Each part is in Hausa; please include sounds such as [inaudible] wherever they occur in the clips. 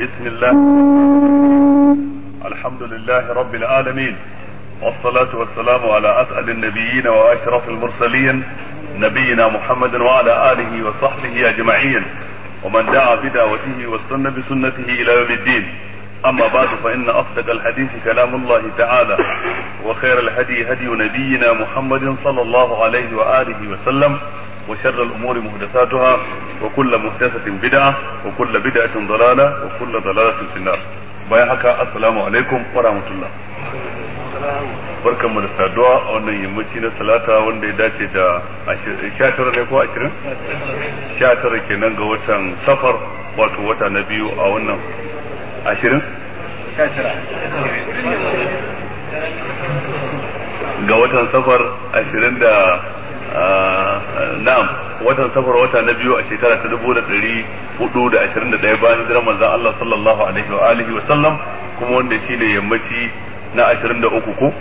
بسم الله الحمد لله رب العالمين والصلاة والسلام على أسأل النبيين وأشرف المرسلين نبينا محمد وعلى آله وصحبه أجمعين ومن دعا بدعوته واستنى بسنته إلى يوم الدين أما بعد فإن أصدق الحديث كلام الله تعالى وخير الهدي هدي نبينا محمد صلى الله عليه وآله وسلم وشر الأمور محدثاتها وكل محدثة بدعة وكل بدعة ضلالة وكل ضلالة في النار bayan haka عليكم ورحمة wa rahmatullah barkan mu da saduwa a wannan yammaci na salata wanda ya dace da 19 ne ko 20 19 kenan ga watan safar wato wata na biyu a wannan 20 ga watan safar 20 da na'am watan safar wata na biyu a shekara ta dubu da ɗari hudu da ashirin da ɗaya bayan hijirar manzan Allah sallallahu alaihi wa alihi wa sallam kuma wanda shi ne yammaci na ashirin da uku ko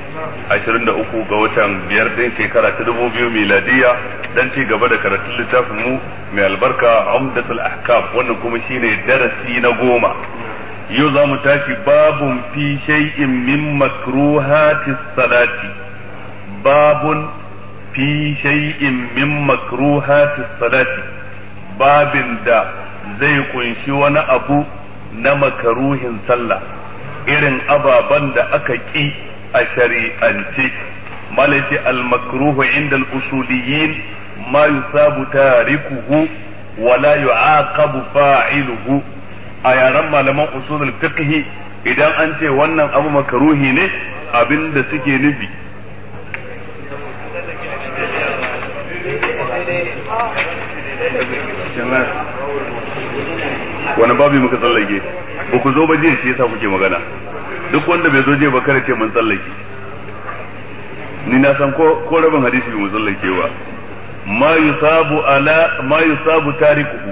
ashirin da uku ga watan biyar din shekara ta dubu biyu miladiya dan ci gaba da karatun littafin mu mai albarka umdatul ahkam wannan kuma shi ne darasi na goma yau za mu tashi babun fi shay'in min makruhatis salati babun fi shay'in min makruhatis salati babin da zai kunshi wani abu na makaruhin sallah irin ababan da aka ki a shari'ance malaki al-makruhu inda al-usuliyin ma yusabu tarikuhu wala yu'aqabu fa'iluhu a yaran malaman usulul fiqh idan an ce wannan abu makaruhi ne abinda suke nufi wani babu muka tsallake ba ku zo ba jiya shi yasa kuke magana duk wanda bai zo jiya ba kare ce mun tsallake ni na san ko rabin hadisi bai mu tsallake ba ma yusabu ala ma yusabu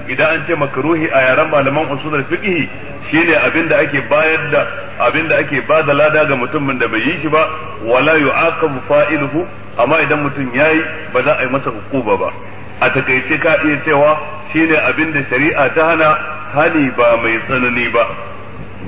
idan an ce makruhi a yaran malaman usulul fiqh shine abinda ake bayar da abinda ake ba da lada ga mutumin da bai yi shi ba wala yu'aqabu fa'iluhu amma idan mutum yayi ba za a yi masa hukuma ba a takaice ka iya cewa shine abinda shari'a ta hana hani ba mai tsanani ba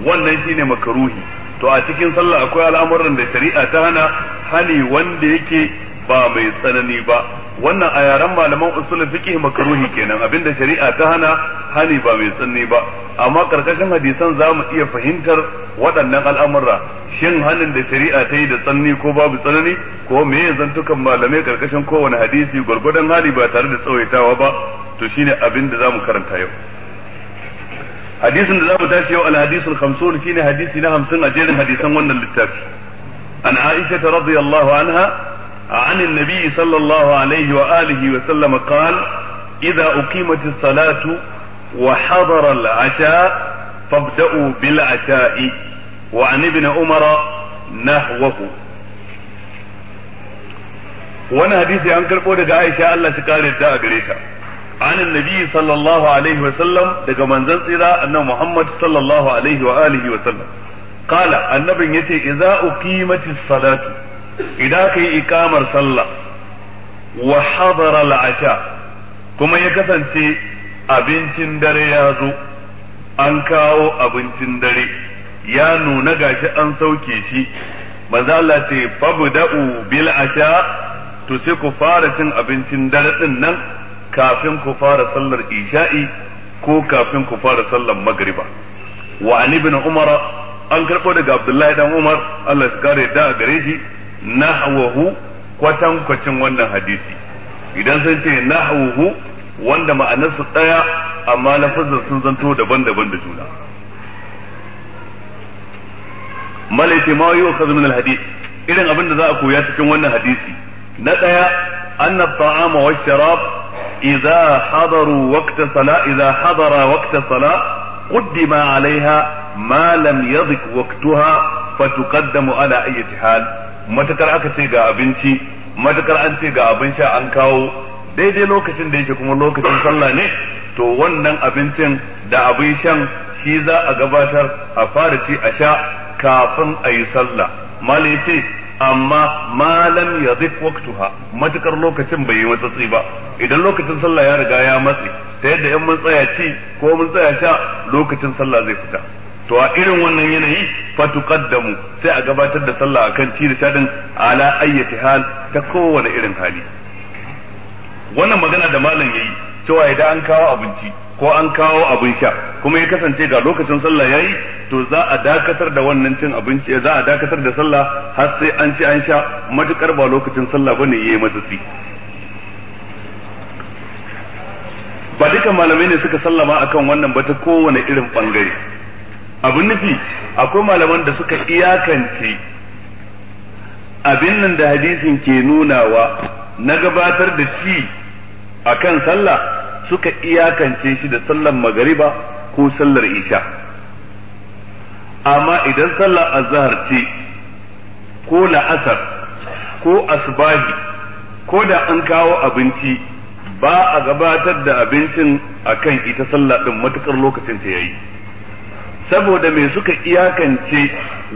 wannan shine makruhi to a cikin sallah akwai al'amuran da shari'a ta hana hani wanda yake ba mai tsanani ba wannan a yaren malaman usulul fiqh makruhi kenan abinda shari'a ta hana hani ba mai tsanani ba amma karkashin hadisan za mu iya fahimtar waɗannan al'amura shin hannun da shari'a ta yi da tsanani ko babu tsanani ko me ya zantukan malamai karkashin kowane hadisi gwargwadon hali ba tare da tsawaitawa ba to shine abin da za mu karanta yau hadisin da za mu tashi yau al-hadisul 50 shine hadisi na 50 a jerin hadisan wannan littafi an Aisha radiyallahu anha عن النبي صلى الله عليه وآله وسلم قال إذا أقيمت الصلاة وحضر العشاء فابدأوا بالعشاء وعن ابن عمر نهوه wani hadisi an karɓo daga Aisha Allah shi kare ta a gare sallallahu alaihi wa sallam daga manzon tsira annabi sallallahu alaihi wa sallam qala annabin yace idza uqimati salatu Ida aka yi ikamar sallah wa hadara al'asha kuma ya kasance abincin dare ya zo an kawo abincin dare ya nuna gashi an sauke shi manzo Allah ce fabda'u bil asha to sai ku fara cin abincin dare din nan kafin ku fara sallar isha'i ko kafin ku fara sallar magriba wa ibn umar an karbo daga abdullahi dan umar Allah ya kare da gare shi nahwahu kwatankwacin wannan hadisi idan sun ce nahwahu wanda ma'anarsu daya amma lafazin sun zanto daban-daban da juna malaiti ma yi wa min alhadis irin abin da za a koya cikin wannan hadisi na daya anna ta'ama wa sharab idza hadaru waqta sala idza hadara waqta sala qaddima alaiha ma lam yadhik waqtaha fa tuqaddamu ala ayyi hal Matakar aka ce ga abinci matakar an ce ga abin sha an kawo daidai lokacin da yake kuma lokacin sallah ne to wannan abincin da abin shan shi za a gabatar a fara ci a sha kafin a yi sallah mali ce amma malam ya zik waktuha matakar lokacin bai yi matsatsi ba idan lokacin sallah ya riga ya matse ta yadda in mun tsaya ci ko mun tsaya sha lokacin sallah zai fita to a irin wannan yanayi fa tuqaddamu sai a gabatar da sallah akan cire shadin ala ayyati hal ta kowane irin hali wannan magana da malam yayi cewa idan an kawo abinci ko an kawo abin sha kuma ya kasance ga lokacin sallah yayi to za a dakatar da wannan cin abinci za a dakatar da sallah har sai an ci an sha matukar ba lokacin sallah bane yayi matsatsi ba duka malamai ne suka sallama akan wannan ba ta kowane irin bangare abin nufi akwai malaman da suka iyakance abin nan da hadisin ke nunawa na gabatar da ci akan sallah suka iyakance shi da sallar magariba ko sallar isha amma idan sallar azhar ce ko la'asar ko asbahi ko da an kawo abinci ba a gabatar da abincin akan ita sallah din matukar lokacin ta yayi saboda me suka iyakance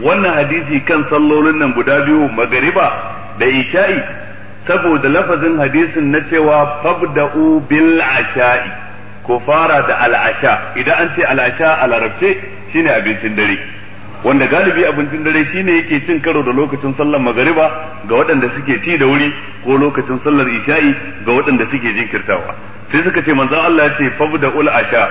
wannan hadisi kan sallolin nan guda biyu magariba da isha'i saboda lafazin hadisin na cewa fabda'u bil asha'i ko fara da al'asha idan an ce al'asha a larabce shine abincin dare wanda galibi abincin dare shine yake cin karo da lokacin sallar magariba ga waɗanda suke ci da wuri ko lokacin sallar isha'i ga waɗanda suke jinkirtawa sai suka ce manzon Allah ya ce fabda'ul asha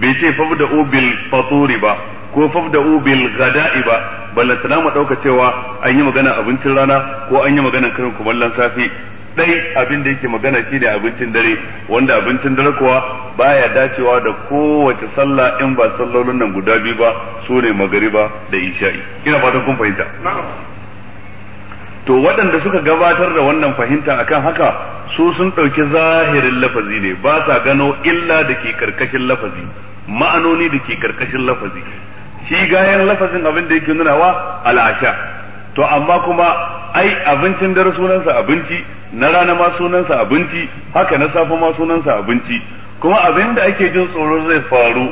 bai ce fafda ubil faturi ba ko fafda ubil gada'i ba balla salama dauka cewa an yi magana abincin rana ko an yi magana karin kumallon safe dai abin da yake magana shine abincin dare wanda abincin dare kuwa baya dacewa da kowace sallah in ba sallolin nan guda biyu ba sune magariba da isha'i ina fatan kun fahimta to waɗanda suka gabatar da wannan fahimta akan haka su sun ɗauki zahirin lafazi ne ba sa gano illa da ke karkashin lafazi ma'anoni da ke karkashin lafazi shi gayan lafazin abin da yake nunawa al'asha to amma kuma ai abincin dare sunansa abinci na rana ma sunansa abinci haka na safe ma sunansa abinci kuma abin da ake jin tsoron zai faru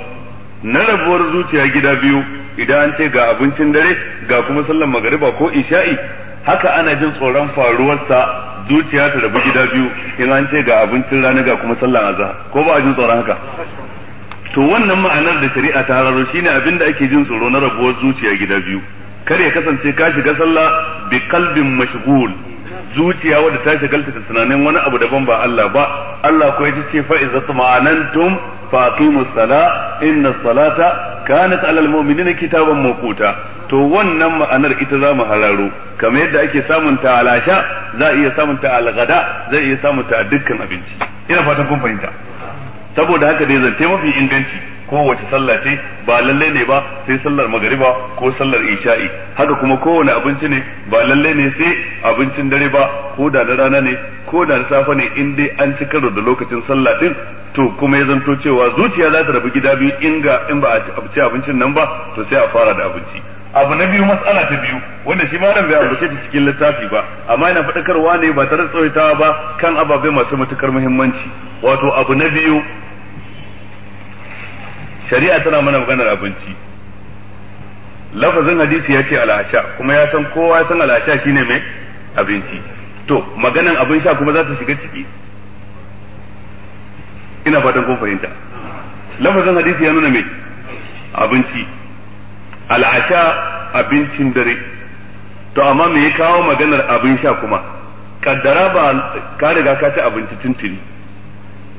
na rabuwar zuciya gida biyu idan an ce ga abincin dare ga kuma sallan magariba ko isha'i haka ana jin tsoron faruwarsa zuciya ta rabu gida biyu in an ce ga abincin rana ga kuma sallan azhar ko ba a jin tsoron haka to wannan ma'anar da shari'a ta hararo shine abin da ake jin tsoro na rabuwar zuciya gida biyu kar ya kasance ka shiga sallah bi kalbin mashghul zuciya wadda ta shagalta da tunanin wani abu daban ba Allah ba Allah ko ya ce fa iza tuma'anantum fa aqimus sala inna salata kanat alal mu'minina kitaban mawquta to wannan ma'anar ita za mu hararo kamar yadda ake samun ta alasha za a iya samun ta algada za a iya samun ta dukkan abinci ina fatan kun fahimta saboda haka dai zance mafi inganci kowace sallah ce ba lalle ne ba sai sallar magariba ko sallar isha'i haka kuma kowane abinci ne ba lalle ne sai abincin dare ba ko da na rana ne ko da na safe ne in dai an ci karo da lokacin sallah din to kuma ya zanto cewa zuciya za ta rabu gida biyu in ga in ba a ci abincin nan ba to sai a fara da abinci abu na biyu matsala ta biyu wanda shi malam bai ambace ta cikin littafi ba amma yana faɗakarwa ne ba tare da tsawaitawa ba kan ababe masu matukar muhimmanci wato abu na biyu shari'a tana mana maganar abinci lafazin hadisi ya ce alasha kuma ya san kowa ya san alhasha shine mai abinci to maganan abin sha kuma za ta shiga ciki ina fatan kun fahimta lafazin hadisi ya nuna mai abinci al'asha abincin dare to amma me ya kawo maganar abin sha kuma kaddara ba ka riga ka ci abinci tuntuni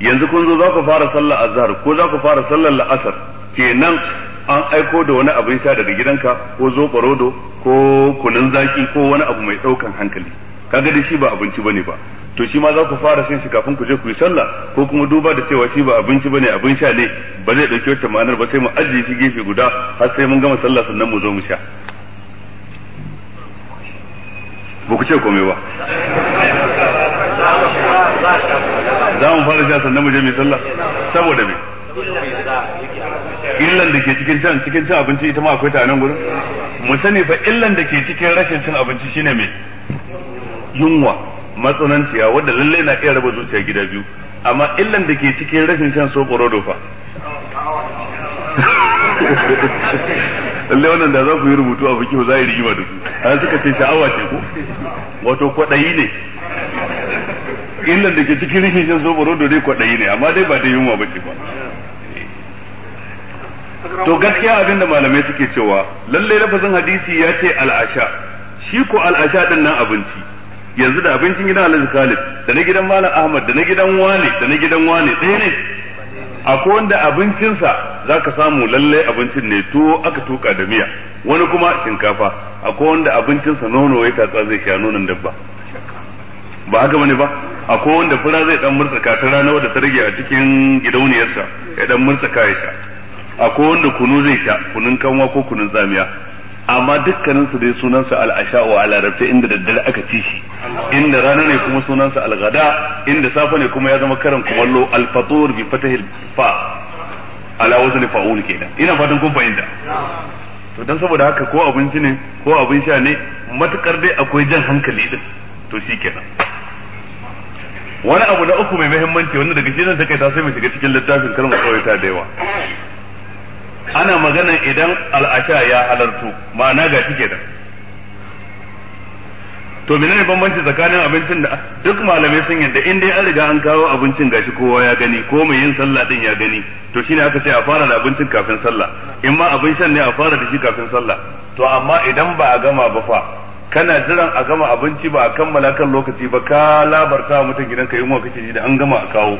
yanzu kun zo za ku fara sallar azhar ko za ku fara sallar la'asar kenan an aiko da wani abin sha daga gidanka ko zo barodo ko kunun zaki ko wani abu mai ɗaukan hankali kaga da shi ba abinci bane ba to shi ma za ku fara shan shi kafin ku je ku yi sallah ko kuma duba da cewa shi ba abinci bane abin sha ne ba zai dauki wata ma'anar ba sai mu ajiye shi gefe guda har sai mun gama sallah sannan mu zo mu sha ba ku ce komai ba za mu fara sha sannan mu je mai sallah saboda me illan da ke cikin can cikin cin abinci ita ma akwai ta nan gurin mu sani fa illan da ke cikin rashin cin abinci shine me yunwa matsananciya wadda lalle na iya raba zuciya gida biyu amma illan da ke cikin rashin shan soɓoro dofa. lalle wannan da za ku yi rubutu a biki za a yi rigima da su har suka ce sha'awa ce ko wato kwaɗayi ne illar da ke cikin rikin shan dole ko dai kwaɗayi ne amma dai ba da yunwa ba ce ba to gaskiya abin da malamai suke cewa lallai lafazin hadisi ya ce al'asha shi ko al'asha din nan abinci yanzu da abincin gidan Alhaji Khalid da na gidan Malam Ahmad da na gidan Wani da na gidan Wani ɗaya ne akwai wanda abincinsa za ka samu lallai abincin ne tuwo aka tuka da miya wani kuma shinkafa akwai wanda abincinsa nono ya tatsa zai sha nonon dabba ba haka bane ba akwai wanda fura zai dan murtsaka ta rana wadda ta rage a cikin gidauniyarsa ya dan murtsaka ya sha akwai wanda kunu zai sha kunun kanwa ko kunun tsamiya amma dukkanin su dai sunansa al-asha'u a larabta inda daddare aka ci shi inda rana ne kuma sunan al-ghada inda safa ne kuma ya zama karan kumallo al-fatur bi fatahil fa ala wazni fa'ul kenan ina fatan kun fahimta to dan saboda haka ko abinci ne ko abin sha ne matukar dai akwai jan hankali din to shikenan wani abu na uku mai muhimmanci wanda daga shi zan ta sai mai shiga cikin littafin kar kawai kawaita da yawa ana magana idan al'asha ya halartu ma'ana ga shi kenan to menene bambanci tsakanin abincin da duk malamai sun yadda in dai an riga an kawo abincin gashi kowa ya gani ko mai yin sallah din ya gani to shine aka ce a fara da abincin kafin sallah in ma abin shan ne a fara da shi kafin sallah to amma idan ba a gama ba fa kana jiran a gama abinci ba a kammala kan lokaci ba ka labarta wa mutum gidanka yi kake ji da an gama a kawo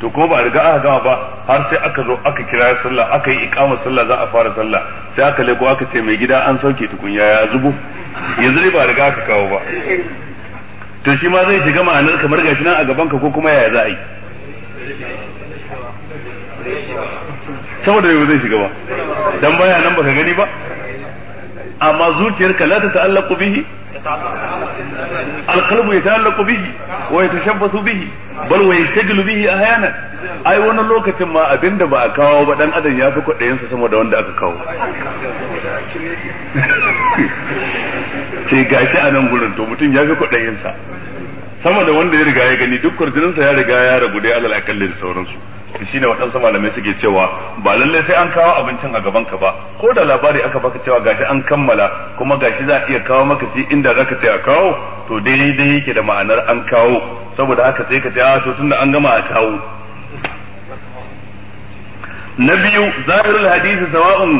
to kuma ba a riga aka gama ba har sai aka zo aka kira sallah aka yi iqama sallah za a fara sallah sai aka leko aka ce mai gida an sauke tukunya ya zubo yanzu ne ba a riga aka kawo ba to shi ma zai shiga ma'anar kamar gashi nan a gaban ka ko kuma yaya za a yi saboda yau zai shiga ba dan baya nan baka gani ba amma zuciyarka la ta ta'allaqu bihi alqalbu yata'allaqu bihi wa yatashabbathu bihi bal wa yastajilu bihi ahyana ai wani lokacin ma abinda ba a kawo ba dan adam ya fi kudayen sa sama da wanda aka kawo [laughs] sai gashi a nan gurin to mutum ya fi kudayen sa sama da wanda ya riga ya gani duk kwarjinin sa ya riga ya ragu dai alal da sauransu shi ne waɗansu malamai suke cewa ba lallai sai an kawo abincin a gaban ka ba ko da labari aka baka cewa gashi an kammala kuma gashi za a iya kawo maka shi inda zaka ce a kawo to daidai yake da ma'anar an kawo saboda haka sai ka ce a ah, to tunda an gama a kawo na biyu zahirul hadisi sawa'un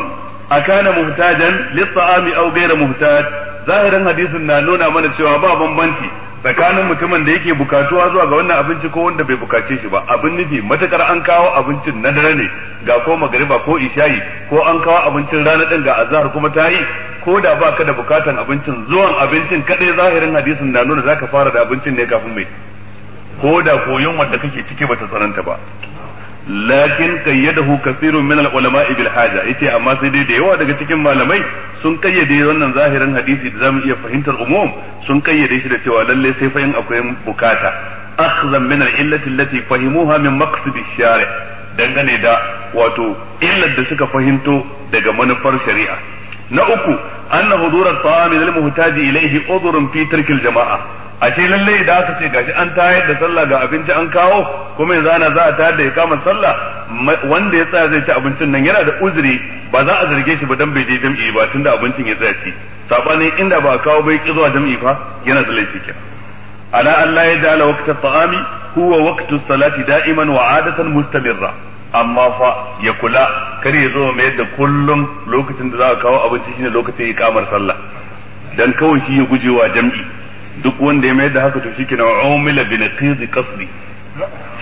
akana muhtajan lit-ta'ami aw ghayra muhtaj zahirin hadisin na nuna mana cewa ba bambanci tsakanin mutumin da yake bukatuwa zuwa ga wannan abinci ko wanda bai bukace shi ba abin nufi matakar an kawo abincin na dare ne ga ko magariba ko ishayi ko an kawo abincin rana din ga azhar kuma ta yi ko da ba ka da bukatan abincin zuwan abincin kadai zahirin hadisin na nuna zaka fara da abincin ne kafin mai ko da koyon wanda kake ciki bata tsananta ba lakin kayyadahu kathirun min al-ulama bil haja yace amma sai dai da yawa daga cikin malamai sun kayyade wannan zahirin hadisi da zamu iya fahimtar umum sun kayyade shi da cewa lalle sai fa akwai bukata akhzan min al-illati allati fahimuha min maqsad shari dangane da wato illar da suka fahimto daga manufar shari'a na uku anna hudura at-ta'am lil muhtaji ilayhi udhrun fi tarkil jama'a ashe lalle da aka ce gashi an tayar da sallah ga abinci an kawo kuma yanzu ana za a tayar da ikamar sallah wanda ya tsaya zai ci abincin nan yana da uzuri ba za a zarge shi ba dan bai je jam'i ba tunda abincin ya tsaya ci sabanin inda ba a kawo bai ki zuwa jam'i fa yana da laifi kenan ala allah ya da waqta ta'ami huwa waqtu salati da'iman wa 'adatan mustamirra amma fa ya kula kar ya zo mai da kullum lokacin da za a kawo abinci shine lokacin ikamar sallah dan kawai shi ya gujewa jam'i duk wanda ya mayar da haka to shi na umila bi naqiz qasdi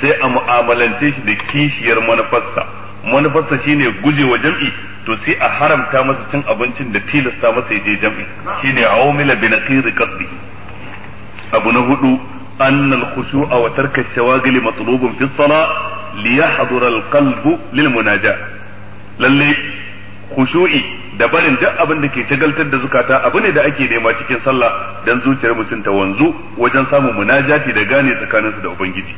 sai a mu'amalance shi da kishiyar manufarsa manufarsa shine guje wa jam'i to sai a haramta masa cin abincin da tilasta masa je jam'i shine umila bi naqiz qasdi abu na hudu أن الخشوع وترك الشواغل مطلوب في الصلاة ليحضر القلب للمناجاة للي خشوعي da barin duk abin da ke tagaltar da zukata abu ne da ake nema cikin sallah dan zuciyar mutum ta wanzu wajen samun munajati da gane tsakaninsu da ubangiji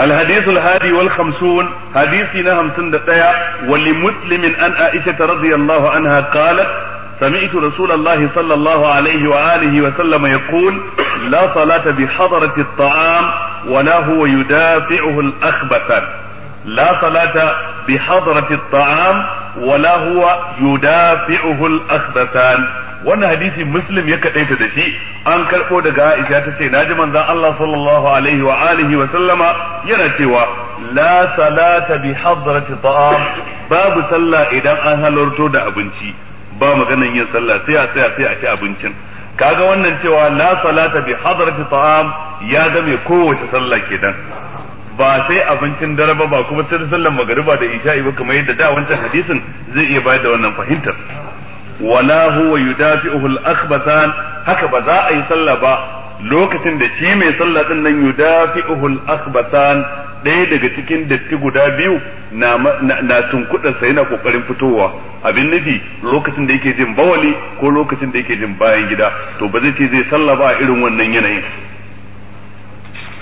الحديث الهادي والخمسون حديثنا همسن دقيا ولمسلم عن عائشة رضي الله عنها قالت سمعت رسول الله صلى الله عليه وآله وسلم يقول لا صلاة بحضرة الطعام ولا هو يدافعه الأخبثان la salata bi hadrati at-ta'am wala huwa yudafi'uhu al wannan hadisi muslim ya kadaita da shi an karbo daga Aisha ta ce naji manzon Allah sallallahu alaihi wa alihi wa sallama yana cewa la salata bi hadrati ta'am babu sallah idan an halarto da abinci ba maganan yin sallah sai a tsaya sai a ci abincin kaga wannan cewa la salata bi hadrati ta'am ya game kowace sallah kenan ba sai abincin dare ba kuma sai sallan magariba da isha'i ba kamar yadda da wancan hadisin zai iya bayar da wannan fahimtar wala huwa yudafi'uhu al-akhbathan haka ba za a yi sallah ba lokacin da shi mai sallah din nan yudafi'uhu al-akhbathan ɗaya daga cikin datti guda biyu na na tunkuɗa sa yana kokarin fitowa abin nufi lokacin da yake jin bawali ko lokacin da yake jin bayan gida to ba zai ce zai sallah ba a irin wannan yanayin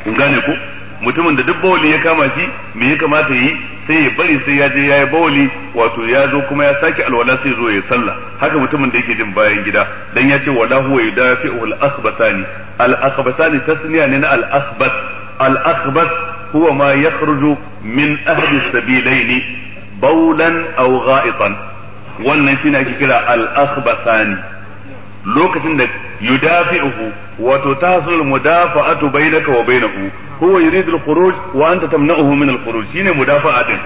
kun gane ku. mutumin da duk bawali ya kama shi me ya kamata yi sai ya bari sai ya je ya yi bawali wato ya zo kuma ya sake alwala sai zo ya sallah haka mutumin da yake jin bayan gida dan ya ce wala huwa yudafi'u al-akhbatani al-akhbatani tasniya ne na al-akhbat al-akhbat huwa ma yakhruju min ahli sabilaini bawlan aw gha'itan wannan ne ake kira al-akhbatani lokacin da yudafi'uhu wato tahsul mudafa'atu bainaka wa bainahu huwa yuridu al-khuruj wa anta tamna'uhu min al-khuruj shine mudafa'a din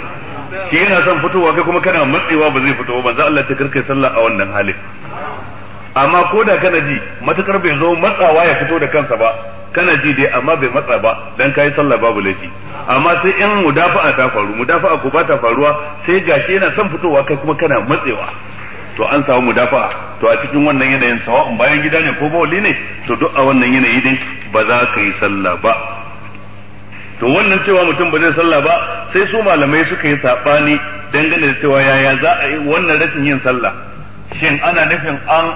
shi yana son fitowa kai kuma kana matsewa ba zai fito ba manzo Allah ta karkai sallah a wannan halin amma ko da kana ji matakar bai zo matsawa ya fito da kansa ba kana ji dai amma bai matsa ba dan kai sallah babu laifi amma sai in mudafa'a ta faru mudafa'a ko ba ta faruwa sai gashi yana son fitowa kai kuma kana matsewa to an samu mudafa'a to a cikin wannan yanayin sawa'un bayan gida ne ko bawali ne to duk a wannan yanayi din ba za ka yi sallah ba to wannan cewa mutum ba zai sallah ba sai su malamai suka yi sabani dangane da cewa yaya za a yi wannan rashin yin sallah shin ana nufin an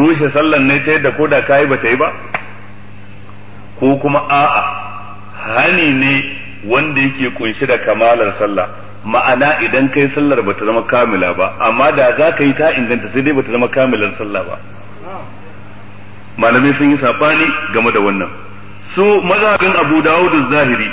rushe sallan ne ta yadda koda yi ba ta yi ba ko kuma a'a hani ne wanda yake kunshi da kamalar sallah ma'ana idan kai sallar bata zama kamila ba amma da za ka yi ta inganta sai dai bata zama kamilar sallah ba malamai sun yi sabani game da wannan su mazhabin abu dawud zahiri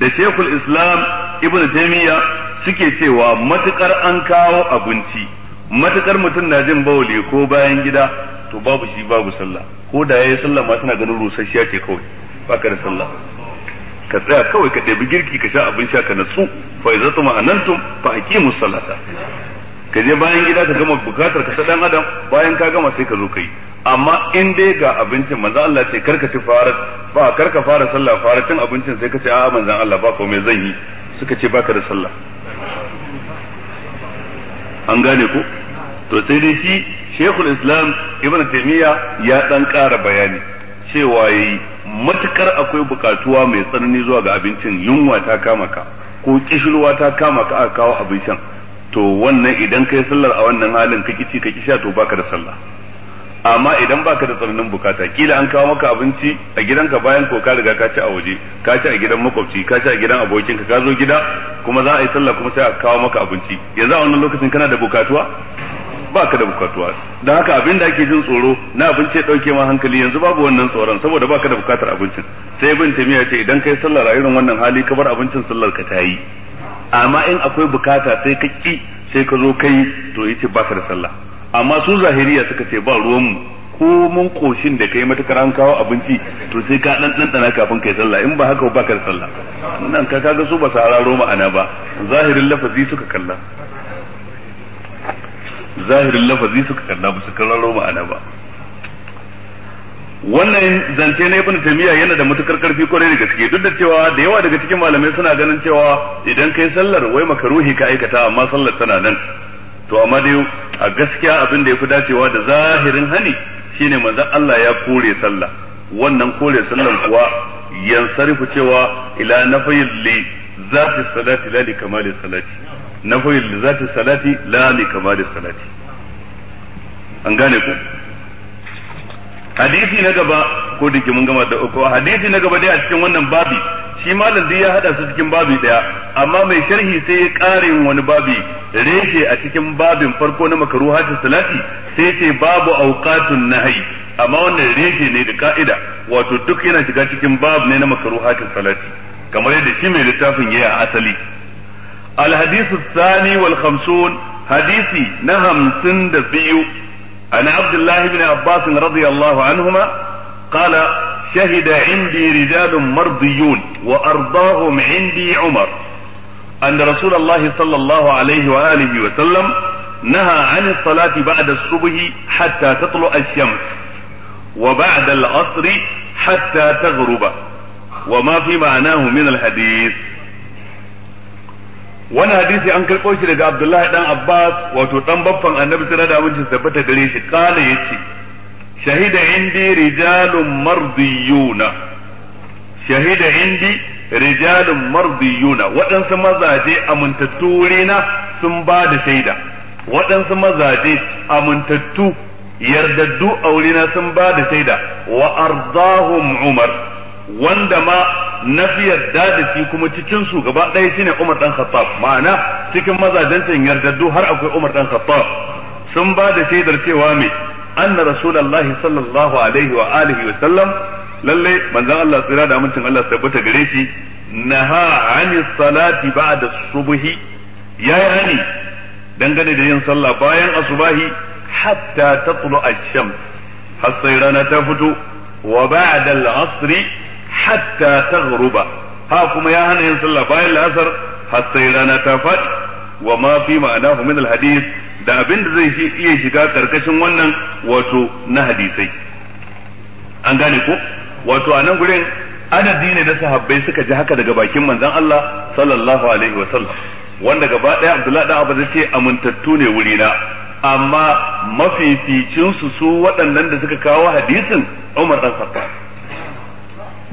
da shekul islam ibn Taymiyyah suke cewa matukar an kawo abinci matukar mutum na jin bauli ko bayan gida to babu shi babu sallah ko da yayi sallah ma tana ganin rusasshiya ce kawai baka da sallah ka tsaya kawai ka ɗebi girki ka sha abin sha ka natsu fa idza anantum fa aqimus salata ka je bayan gida ka gama bukatar ka dan adam bayan ka gama sai ka zo kai amma in dai ga abincin manzo Allah ce karka ci fara ba karka fara sallah fara cin abincin sai ka ce a'a manzo Allah ba ko zan yi suka ce baka da sallah an gane ko to sai dai shi Sheikhul Islam Ibn Taymiyyah ya dan ƙara bayani cewa yi matukar akwai bukatuwa mai tsanani zuwa ga abincin yunwa ta kama ka ko kishirwa ta kama ka aka kawo abincin. to wannan idan kai sallar a wannan halin ka kici ka kisha to baka da sallah amma idan baka da tsananin bukata kila an kawo maka abinci a gidanka bayan ko ka riga ka ci a waje ka ci a gidan makwabci ka ci a gidan abokinka ka zo gida kuma za a yi sallah kuma sai a kawo maka abinci yanzu a wannan lokacin kana da bukatuwa baka da bukatuwa dan haka abin da ake jin tsoro na abinci ya dauke ma hankali yanzu babu wannan tsoron saboda baka da bukatar abincin sai bin tamiya ce idan kai sallar a irin wannan hali ka bar abincin sallar ka ta yi amma in akwai bukata sai ka ki sai ka zo kai to yace ba ka da sallah amma su zahiriya suka ce ba ruwan mu ko mun koshin da kai matakar an kawo abinci to sai ka dan dan dana kafin kai sallah in ba haka ba ka da sallah nan ka kaga su ba su hararo ma'ana ba zahirin lafazi suka kalla zahirin lafazi suka kalla ba su kararo ma'ana ba wannan zance na ibn tamiya yana da matukar karfi kwarai da gaske duk da cewa da yawa daga cikin malamai suna ganin cewa idan kai sallar wai makaruhi ka aikata amma sallar tana nan to amma dai a gaskiya abin da yafi dacewa da zahirin hani shine manzon Allah ya kore sallah wannan kore sallar kuwa yansarifu cewa ila nafayil li zati salati la li kamali salati nafayil li zati salati la li kamali salati an gane ku hadisi na gaba ko da mun gama da uku hadisi na gaba dai a cikin wannan babi shi malam dai ya hada su cikin babi daya amma mai sharhi sai ya kare wani babi reshe a cikin babin farko na makaruhatul salati sai ce babu awqatun nahyi amma wannan reshe ne da ka'ida wato duk yana shiga cikin bab ne na makaruhatul salati kamar yadda shi mai littafin yayi a asali al hadisu thani wal khamsun hadisi na hamsin da biyu عن عبد الله بن عباس رضي الله عنهما قال شهد عندي رجال مرضيون وأرضاهم عندي عمر أن رسول الله صلى الله عليه وآله وسلم نهى عن الصلاة بعد الصبح حتى تطلع الشمس وبعد العصر حتى تغرب وما في معناه من الحديث Wani hadisi an karɓo shi daga Abdullahi dan Abbas wato dan baffan Annabi sai da mun tabbata gare shi kana yace shahida indi rijalun mardiyuna shahida indi rijalun mardiyuna waɗansu mazaje amintattu rina sun ba da shaida waɗansu mazaje amintattu yardaddu aurina sun ba da shaida wa ardahum umar wanda ma na fi yarda da shi kuma cikin su gaba ɗaya shine Umar dan Khattab ma'ana cikin mazajen yardaddu har akwai Umar dan Khattab sun ba da shaidar cewa me anna rasulullahi sallallahu alaihi wa alihi wa sallam lalle manzon Allah tsira da amincin Allah tabbata gare shi naha ani salati ba'da subhi yayi hani dangane da yin sallah bayan asubahi hatta tatlu ash-shams har sai rana ta fito wa ba'da al-asri hatta taghruba ha kuma ya hana yin sallah bayan la'asar har sai rana ta faɗi wa ma fi ma'anahu min hadis da abin da zai iya shiga karkashin wannan wato na hadisai an gane ko wato a nan gurin adadi ne na sahabbai suka ji haka daga bakin manzon Allah sallallahu alaihi wa sallam wanda gaba ɗaya Abdullahi da Abbas ce amintattu ne wuri na amma mafificinsu su su waɗannan da suka kawo hadisin Umar dan Khattab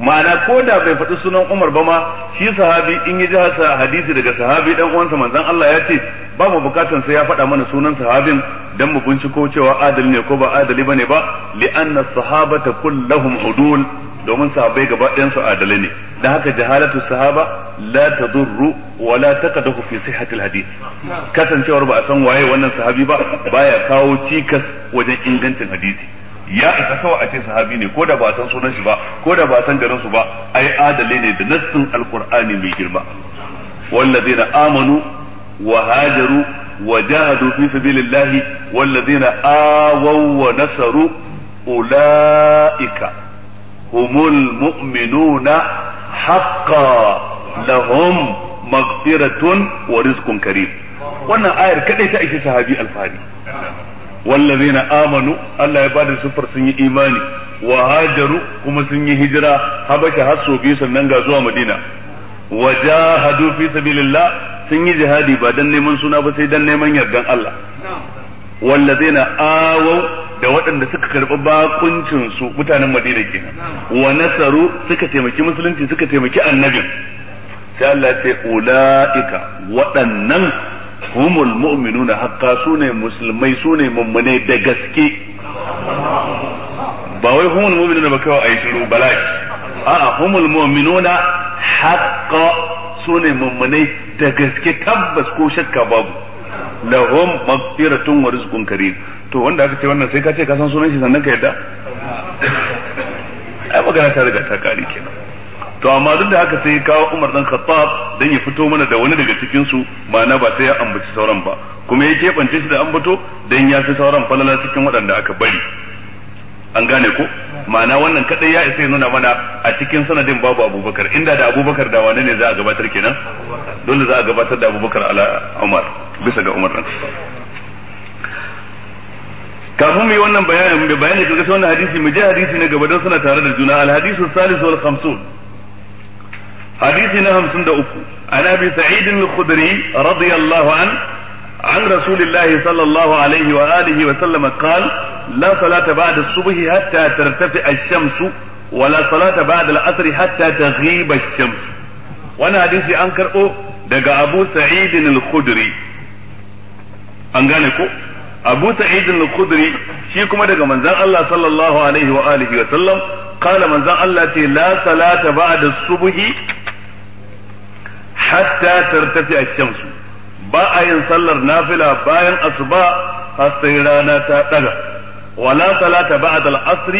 ma'ana ko da bai faɗi sunan Umar ba ma shi sahabi in ya ji hasa hadisi daga sahabi dan uwansa manzon Allah ya ce ba mu bukatan sai ya faɗa mana sunan sahabin dan mu binciko cewa adali ne ko ba adali bane ba anna sahabata kulluhum udul domin sahabbai gaba ɗayan su adalai ne dan haka jahalatu sahaba la tadurru wa la taqadahu fi sihhati hadith kasancewar ba a san waye wannan sahabi ba baya kawo cikas wajen ingancin hadisi ya isa kawai a ce sahabi ne ko da ba a san sunan shi ba ko da ba a san garin su ba ai adali ne da nassin alqur'ani mai girma wallazina amanu wa hajaru wa jahadu fi sabilillahi wallazina awaw wa nasaru ulaika humul mu'minuna haqqan lahum maghfiratun wa rizqun karim wannan ayar kadai ta ishe sahabi alfari wallazina amanu Allah ya bada sufar sun yi imani wa hajaru kuma sun yi hijira habasha har so sannan ga zuwa madina wa fi sabilillah sun yi jihadi ba dan neman suna ba sai dan neman yardan Allah wallazina awaw da waɗanda suka karɓi bakuncin su mutanen madina ke. wa nasaru suka taimaki musulunci suka taimaki annabin sai Allah ya ce ulaika waɗannan humul mu'minuna haqqa sune musulmai sune mummune da gaske ba wai humul mu'minuna ba kawai ayi shiru bala'i a'a humul mu'minuna haqqa sune mummune da gaske tabbas ko shakka babu lahum maghfiratun wa rizqun karim to wanda aka ce wannan sai ka ce ka san sunan shi sannan ka yadda ai magana ta riga ta kare kenan to amma duk da haka sai ya kawo Umar dan Khattab dan ya fito mana da wani daga cikin su ma'ana ba sai ya ambaci sauran ba kuma ya keɓance shi da ambato dan ya fi sauran falala cikin waɗanda aka bari an gane ko ma'ana wannan kadai ya isa nuna mana a cikin sanadin babu Abubakar inda da Abubakar da wane ne za a gabatar kenan dole za a gabatar da Abubakar ala Umar bisa ga Umar kafin mu yi wannan bayanin bayanin kaga wannan hadisi mu je hadisi na gaba don suna tare da juna al hadisu salis wal khamsun hadisi na hamsin da uku an abi sa'id al-khudri radiyallahu an عن رسول الله صلى الله عليه وآله وسلم قال لا صلاة بعد الصبح حتى ترتفع الشمس ولا صلاة بعد العصر حتى تغيب الشمس وانا حديثي انكر او دقى ابو سعيد الخدري انغانيكو ابو سعيد الخدري شي كما دقى منزان الله صلى الله عليه وآله وسلم قال منزان الله لا صلاة بعد الصبح حتى ترتفع الشمس باين صلر نافله باين اصبع الصيرانة تاتلى ولا صلاه بعد العصر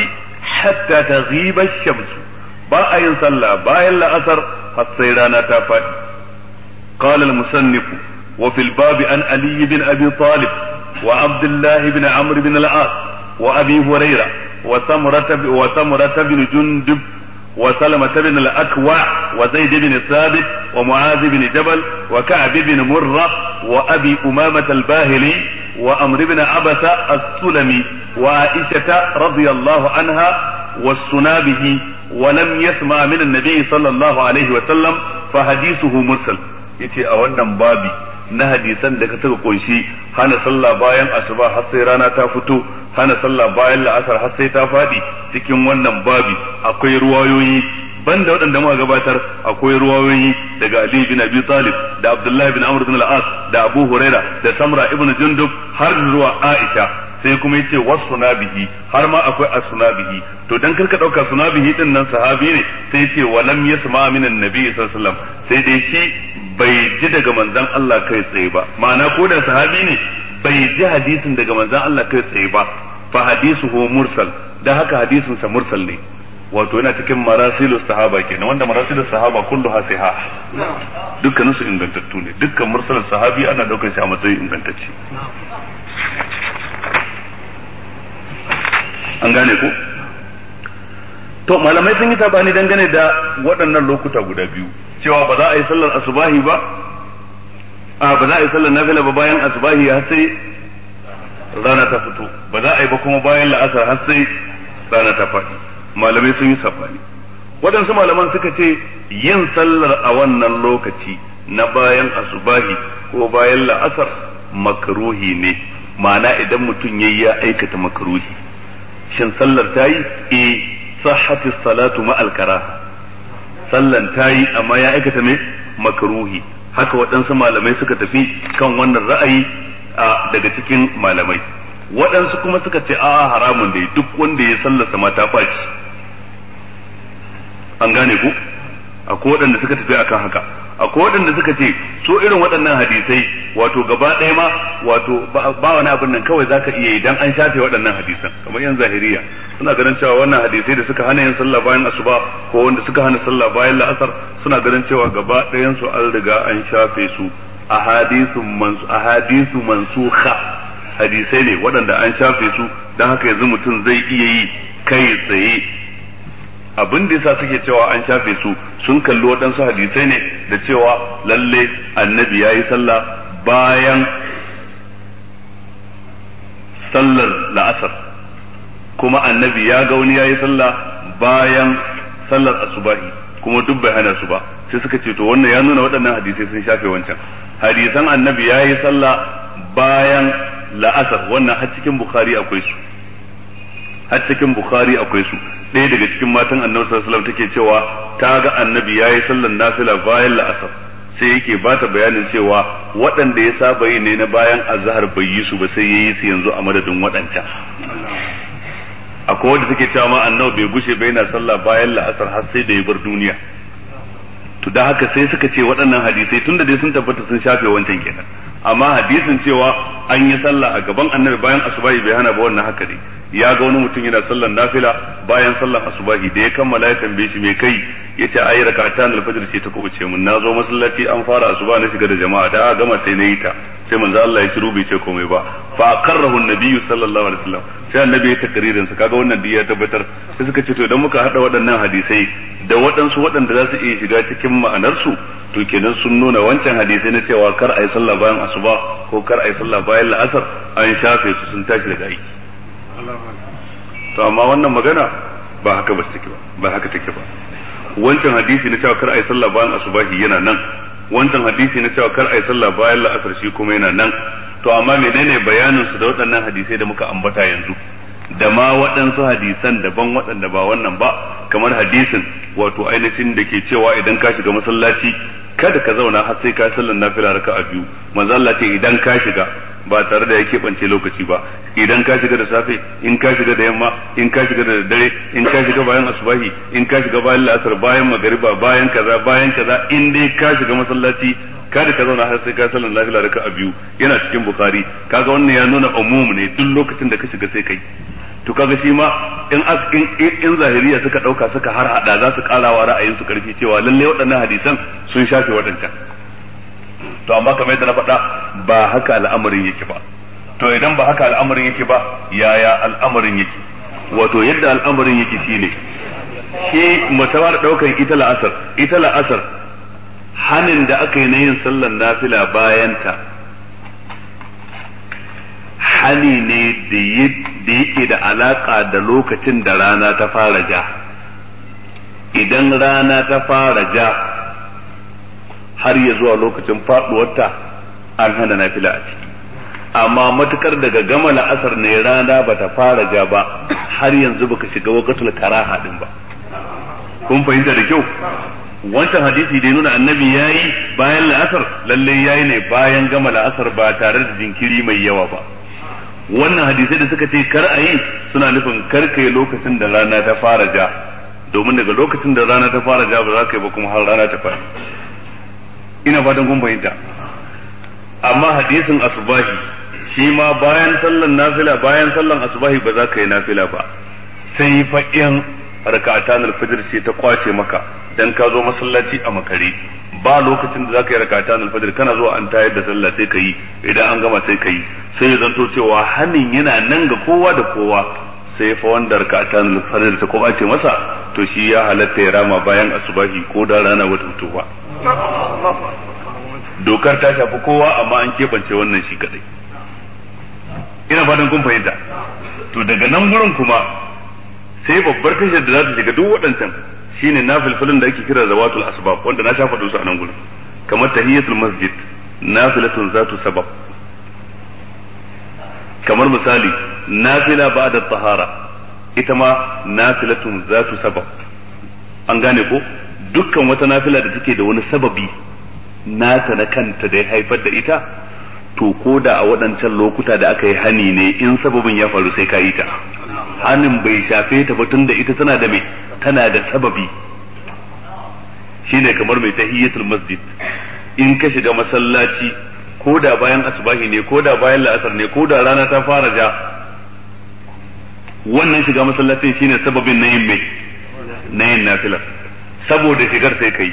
حتى تغيب الشمس باين صلى باين لاثر الصيرانة تافل قال المصنف وفي الباب عن علي بن ابي طالب وعبد الله بن عمرو بن العاص وابي هريره وثمرة وثمرة بن جندب وسلمة بن الأكوع وزيد بن ثابت ومعاذ بن جبل وكعب بن مرة وأبي أمامة الباهلي وأمر بن عبسة السلمي وعائشة رضي الله عنها والسنابه ولم يسمع من النبي صلى الله عليه وسلم فحديثه مرسل يتي أولا بابي na hadisan da ka suka kunshi hana sallah bayan asuba har sai rana ta fito hana sallah bayan la'asar har sai ta fadi cikin wannan babi akwai ruwayoyi banda waɗanda muka gabatar akwai ruwayoyi daga Ali bin Abi Talib da Abdullah bin Amr bin al-As da Abu Huraira da Samra ibn Jundub har zuwa Aisha sai kuma yace wasuna bihi har ma akwai asuna bihi to dan karka dauka suna bihi din nan sahabi ne sai yace walam yasma min annabi sallallahu alaihi wasallam sai dai shi bai ji daga manzon Allah kai tsaye ba ma'ana ko da sahabi ne bai ji hadisin daga manzon Allah kai tsaye ba fa hadisuhu mursal dan haka hadisin sa mursal ne wato yana cikin marasilu sahaba kenan wanda marasilu sahaba kullu hasiha dukkanin su ingantattu ne dukkan mursalin sahabi ana daukar shi a matsayin ingantacce an gane ko to malamai sun yi tabani dangane da waɗannan lokuta guda biyu cewa ba za a yi sallar asubahi ba a ba za a yi sallar nafila ba bayan asubahi har sai rana ta fito ba za a yi ba kuma bayan la'asar har sai rana ta faɗi malamai sun yi sabani waɗansu malaman suka ce yin sallar a wannan lokaci na bayan asubahi ko bayan la'asar makaruhi ne ma'ana idan mutum ya yi ya aikata makaruhi shin sallar ta yi e eh, sahhatis salatu ma alkara sallan ta yi amma ya aikata ne makruhi haka waɗansu malamai suka tafi kan wannan ra'ayi a daga cikin malamai waɗansu kuma suka ce a haramun dai duk wanda ya sallarsa ma ta faci an gane ku akwai waɗanda suka tafi akan haka akwai waɗanda suka ce so irin waɗannan hadisai wato gaba ɗaya ma wato ba wani abin nan kawai zaka iya idan an shafe waɗannan hadisan kamar yan zahiriya suna ganin cewa wannan hadisai da suka hana yin sallah bayan asuba ko wanda suka hana sallah bayan la'asar suna ganin cewa gaba ɗayan su an riga an shafe su ahadisu mansu ahadisu Ha hadisai ne waɗanda an shafe su dan haka yanzu mutum zai iya yi kai tsaye abin da yasa suke cewa an shafe su sun kalli waɗansu hadisai ne da cewa lalle annabi ya yi sallah bayan sallar la'asar kuma annabi ya ga wani ya yi sallah bayan sallar asubahi kuma duk bai hana su ba sai suka ce to wannan ya nuna waɗannan hadisai sun shafe wancan hadisan annabi ya yi sallah bayan la'asar wannan har cikin bukhari akwai su har cikin bukhari akwai su ɗaya daga cikin matan annabi sallallahu alaihi take cewa ta ga annabi yayi sallan nafila bayan la'asar sai yake ba ta bayanin cewa waɗanda ya saba yi ne na bayan azhar bai yi su ba sai yayi su yanzu a madadin waɗancan akwai wanda take cewa ma annabi bai gushe bai na sallah bayan la'asar har sai da ya bar duniya to da haka sai suka ce waɗannan hadisai tunda dai sun tabbata sun shafe wancan kenan amma hadisin cewa an yi sallah a gaban annabi bayan asubahi bai hana ba wannan haka ne ya ga wani mutum yana sallar nafila bayan sallar asubahi da ya kammala ya tambaye shi me kai yace ayi rak'atan al-fajr ce ta kubuce mun na zo masallaci an fara asuba na shiga da jama'a da aka gama sai yi ta sai manzo Allah ya shiru bai ce komai ba fa aqarrahu an-nabiy sallallahu alaihi wasallam sai annabi ya takririn sa kaga wannan ya tabbatar sai suka ce to idan muka hada waɗannan hadisai da waɗansu waɗanda za su iya shiga cikin ma'anarsu to kenan sun nuna wancan hadisai na cewa kar ayi sallah bayan asuba ko kar ayi sallah bayan la'asar an shafe su sun tashi daga aiki to amma wannan magana ba haka ba take ba ba haka take ba wancan hadisi na cewa kar a sallah bayan asubahi yana nan wancan hadisi na cewa kar a sallah bayan la'asar shi kuma yana nan to amma menene bayanin su da waɗannan hadisai da muka ambata yanzu da ma waɗansu hadisan daban waɗanda ba wannan ba kamar hadisin wato ainihin da ke cewa idan ka shiga masallaci kada ka zauna har sai ka sallan nafila raka'a biyu manzo Allah ce idan ka shiga ba tare da ya keɓance lokaci ba idan ka shiga da safe in ka shiga da yamma in ka shiga da dare in ka shiga bayan asubahi in ka shiga bayan la'asar bayan magariba bayan kaza bayan kaza in dai ka shiga masallaci ka ka zauna har sai ka sallan lafiya raka a biyu yana cikin bukhari kaga wannan ya nuna umum ne duk lokacin da ka shiga sai kai to kaga shi ma in askin in zahiriya suka dauka suka har hada za su karawa ra'ayin su karfi cewa lalle waɗannan hadisan sun shafe waɗancan to amma kamar yadda na faɗa ba haka al'amarin yake ba to idan ba haka al'amarin yake ba yaya al'amarin yake wato yadda al'amarin yake shine shi mutawa da daukan ita la'asar ita la'asar hanin da aka yi na yin sallar nafila ta hani ne da yake da alaka da lokacin da rana ta fara ja idan rana ta fara ja har ya zuwa lokacin faduwarta an hana nafila a ciki amma matukar daga gama la'asar ne rana ba ta fara ja ba har yanzu baka shiga wakatul karaha din ba kun fahimta da kyau wancan hadisi da nuna annabi yayi bayan la'asar lalle yayi ne bayan gama la'asar ba tare da jinkiri mai yawa ba wannan hadisai da suka ce kar a yi suna nufin kar kai lokacin da rana ta fara ja domin daga lokacin da rana ta fara ja ba za ka yi ba kuma har rana ta fara ina fatan kun fahimta amma hadisin asbahi shi ma bayan sallan nafila bayan sallan asbahi ba za ka yi nafila ba sai yi fa'in rak'atan ce ta kwace maka dan ka zo masallaci a makare ba lokacin da za ka yi rak'atan al kana zuwa an tayar da sallah sai ka yi idan an gama sai ka yi sai zanto cewa hanin yana nan ga kowa da kowa sai fa wanda rak'atan al ta kwace masa to shi ya halatta ya rama bayan asubahi ko da rana wata fito dokar ta shafi kowa amma an keɓance wannan shi kadai ina fatan kun fahimta to daga nan gurin kuma sai babbar tashar da za ta shiga duk waɗancan shine na filfilin da ake kira zawatul asbab wanda na shafa su a nan gurin kamar tahiyatul masjid nafilatun zatu sabab kamar misali nafila bada da tahara ita ma nafilatun zatu sabab an gane ko dukkan wata nafila da take da wani sababi nata na kanta da ya haifar da ita to ko da a waɗancan lokuta da aka yi hani ne in sababin ya faru sai ka yi ta hanin bai shafe ta ba tun da ita tana da mai tana da sababi shine kamar mai tahiyyatul masjid in ka shiga masallaci ko da bayan asubahi ne ko da bayan la'asar ne ko da rana ta fara ja wannan shiga masallacin shine sababin na yin mai na yin nafilar saboda shigar sai kai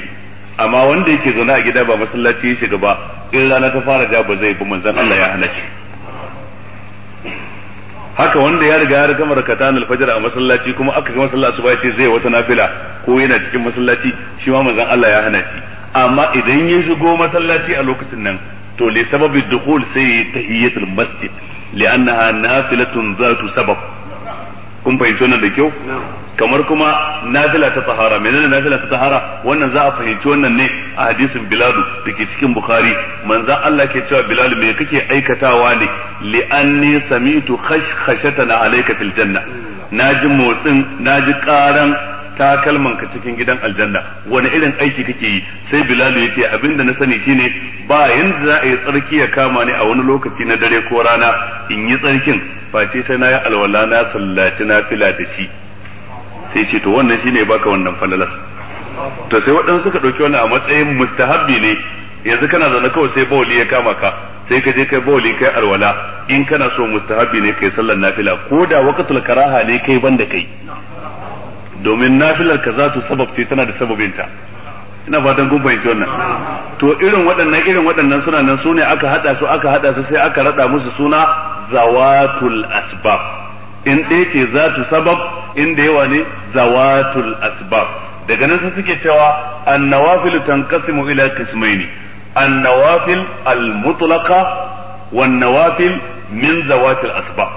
amma wanda yake zaune a gida ba masallaci ya shiga ba in rana ta fara ja ba zai bi manzon Allah ya hana shi haka wanda ya riga ya gama na alfajar a masallaci kuma aka ga masallaci asuba ce zai wata nafila ko yana cikin masallaci shi ma manzon Allah ya hana shi amma idan ya shigo masallaci a lokacin nan to li sababi dukhul sai tahiyatul masjid li'annaha nafilatun zatu sabab kun fahimci wannan da kyau kamar kuma nazila ta tsahara menene nazila ta tsahara wannan za a fahimci wannan ne a hadisin bilalu da ke cikin bukhari manzo Allah ke cewa bilalu me kake aikatawa ne li anni sami'tu na alayka fil janna hmm. naji motsin naji karan takalman ka cikin gidan aljanna wani irin aiki kake yi sai bilalu yace abinda na sani shine ba yanda za a yi tsarki ya kama ni a wani lokaci na dare ko rana in yi tsarkin face sai na yi alwala na sallaci na fila da shi sai ce to wannan shine baka wannan falalas to sai waɗansu suka ɗauki wannan a matsayin mustahabbi ne yanzu kana zaune kawai sai bawali ya kama ka sai ka je kai bawali kai alwala in kana so mustahabbi ne kai sallar nafila ko da waqtul karaha ne kai banda kai domin nafilar ka za ta sababce tana da sababinta ina fatan kun fahimci wannan to irin waɗannan irin waɗannan suna nan su ne aka haɗa su aka haɗa su sai aka raɗa musu suna zawatul asbab in ɗaya ce zatu sabab in da yawa ne zawatul asbab daga nan sai suke cewa annawafil tanqasimu ila qismaini annawafil almutlaqa wan nawafil min zawatil asbab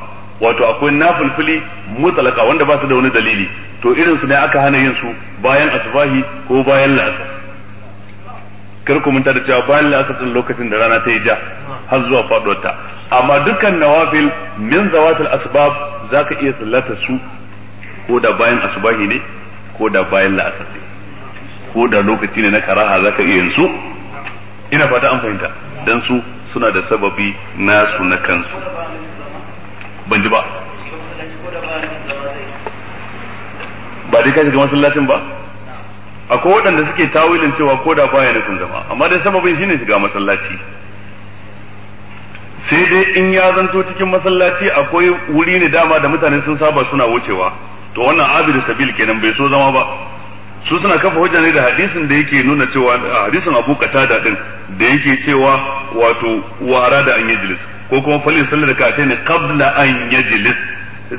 wato akwai nafilfili mutlaka wanda ba su da wani dalili to irin su ne aka hana yin su bayan asbahi ko bayan la'asar kar ku manta da cewa bayan la'asar lokacin da rana ta yi ja har zuwa faduwar ta amma dukkan nawafil min zawatil asbab zaka iya sallata su ko da bayan asubahi ne ko da bayan la'asar ko da lokaci ne na karaha zaka iya yin su ina fata an fahimta dan su suna da sababi na nasu na kansu ban ji ba ba dai ka shiga masallacin ba akwai waɗanda suke tawilin cewa ko da baya nufin zama amma dai sababin shine shiga masallaci sai dai in ya zanto cikin masallaci akwai wuri ne dama da mutane sun saba suna wucewa to wannan abid sabil kenan bai so zama ba su suna kafa hujja ne da hadisin da yake nuna cewa hadisin Abu Qatada din da yake cewa wato wara da an yajlis ko kuma falin sallar ka ta ne qabla an yajlis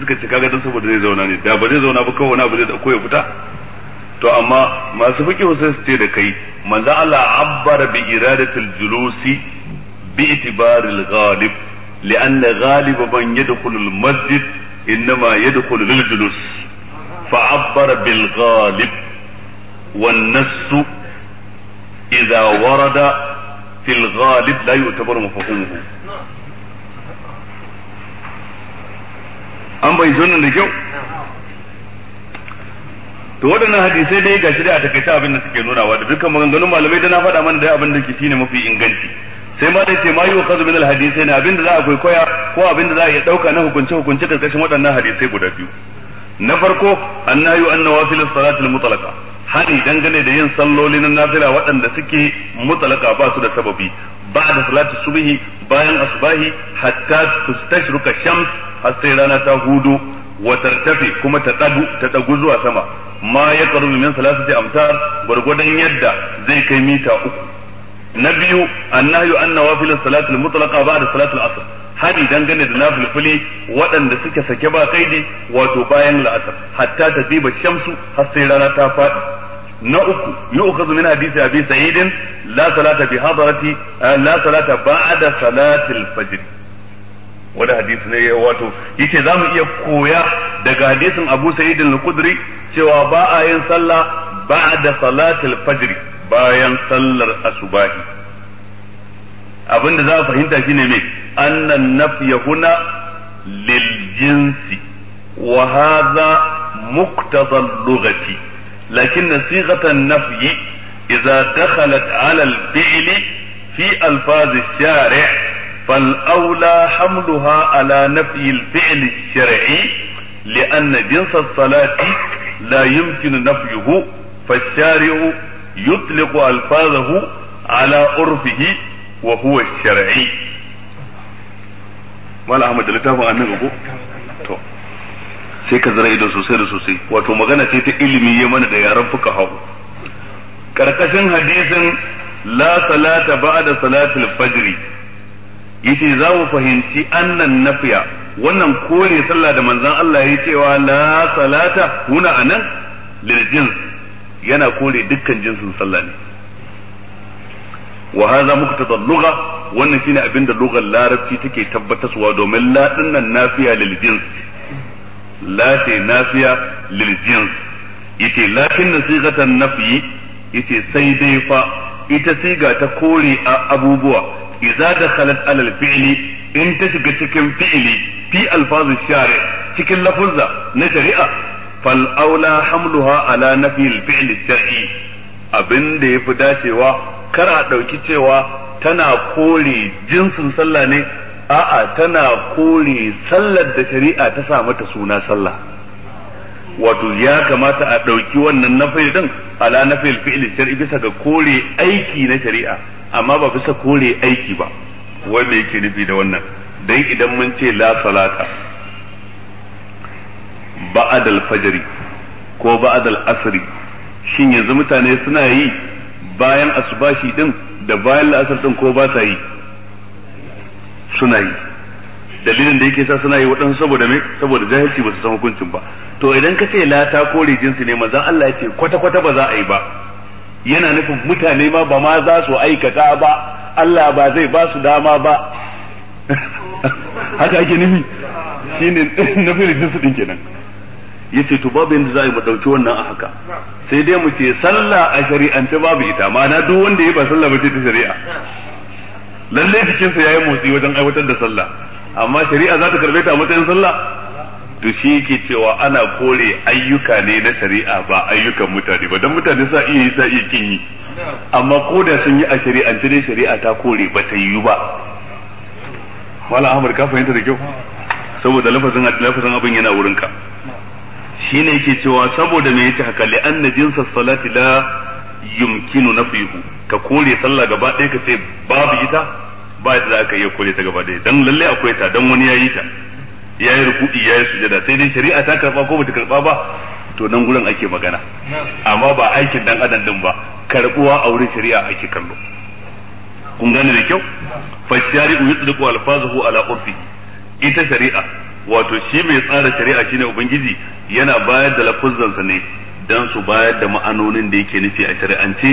suka ce kaga dan saboda zai zauna ne da ba zai zauna ba kawai wani abu zai da ko fita to amma masu fiki sai su ce da kai manzo Allah abbara bi iradatil julusi bi itibaril ghalib lianna ghalib man yadkhulu al masjid inma yadkhulu lil julus fa abbara bil ghalib wan nass idha warada fil ghalib la yu'tabaru mafhumuhu an bai zunnun da kyau to waɗannan hadisai dai ga shi da a takaice abin da suke nunawa da dukkan maganganun malamai da na faɗa mana dai abin da ke shine mafi inganci sai ma dai ce ma yi wa min alhadisai na abin da za a koya ko abin da za a iya ɗauka na hukunce hukunce karkashin waɗannan hadisai guda biyu na farko annahu an nawafil salatil mutlaqa hani dangane da yin salloli na nafila waɗanda suke mutlaqa ba su da sababi ba da salati subhi bayan asbahi hatta tustashruka shams har sai rana ta hudu wa kuma ta ɗagu ta dagu zuwa sama ma ya karu min salasati amtar gurgudan yadda zai kai mita uku na biyu annahyu an nawafil salati mutlaqa ba'da salati al-asr hani dangane da nafilfili waɗanda suke sake ba kaidi wato bayan la'asar hatta ta ziba shamsu har sai rana ta faɗi na uku yu'khadhu min hadisi abi sa'idin la salata bi hadarati la salata ba'da salati fajr wani hadisi ne ya wato yace za mu iya koya daga hadisin Abu Sa'id al cewa ba a yin sallah ba da salatul fajr bayan sallar asubahi abinda za a fahimta shine me annan nafya huna lil jinsi wa hadha muqtada lughati lakin sighata an-nafyi idza dakhalat ala al-fi'li fi alfaz al-shari' فالأولى حملها على نفي الفعل الشرعي لأن جنس الصلاة لا يمكن نفيه فالشارع يطلق ألفاظه على عرفه وهو الشرعي Mala أحمد da littafin annin To. Sai ka zara idan sosai da sosai. Wato magana ce ta ilimi ya mana da yaran fuka hau. Ƙarƙashin hadisin la salata ba'da salatul fajri yace za mu fahimci annan nafiya wannan kore sallah da manzon Allah ya cewa la salata huna anan lil yana kore dukkan jinsin sallah ne wa hadha muktada lugha wannan shine abinda lugar larabci take tabbatarwa domin la dinnan nafiya lil la ce nafiya lil yace lakin nasigatan nafyi yace sai dai fa ita siga ta kore a abubuwa idza dakhalat alal fi'li in ta shiga cikin fi'li fi alfazu shari cikin lafuzza na shari'a fal aula hamluha ala nafi al fi'l shar'i abin da yafi dacewa kar a dauki cewa tana kore jinsin sallah ne a'a tana kore sallar da shari'a ta sa mata suna sallah wato ya kamata a ɗauki wannan nafil din ala nafil fi'il shar'i bisa ga kore aiki na shari'a amma ba bisa kore aiki ba wanda yake nufi da wannan dan idan mun ce la salata ba'ad al-fajr ko ba'ad al-asr shin yanzu mutane suna yi bayan asubashi din da bayan la'asar din ko ba ta yi suna yi dalilin da yake sa suna yi waɗansu saboda me saboda jahilci ba su san hukuncin ba to idan ka ce la ta kore jinsi ne manzon Allah ya ce kwata kwata ba za a yi ba yana nufin mutane ma ba ma za su aikata ba Allah ba zai ba su dama ba haka ake nufi shine nufin jinsi din kenan yace to babu yanda za a yi mu dauki wannan a haka sai dai mu ce sallah a shari'ance babu ita ma'ana duk wanda ya ba sallah ba ce ta shari'a lalle jikinsa yayi motsi wajen aiwatar da sallah amma shari'a za ta karbe ta a matsayin sallah to shi yake cewa ana kore ayyuka ne na shari'a ba ayyukan mutane ba don mutane sa iya yi sa iya kin yi amma ko da sun yi a shari'ance ne shari'a ta kore ba ta yi ba wala amur ka fahimta da kyau saboda lafazin lafazin abin yana wurin ka shine yake cewa saboda me yake haka li anna jinsa salati la yumkinu nafihu ka kore sallah gaba ɗaya ka ce babu ita ba da za ka iya kore ta gaba ɗaya dan lalle akwai ta dan wani yayi ta yayi ya yayi sujada sai dai shari'a ta karba ko bata karba ba to nan gurin ake magana amma ba aikin dan adam din ba karbuwa a wurin shari'a ake kallo kun gane da kyau fa shari'u yutliqu alfazuhu ala urfi ita shari'a wato shi mai tsara shari'a shine ubangiji yana bayar da sa ne dan su bayar da ma'anonin da yake nufi a shari'ance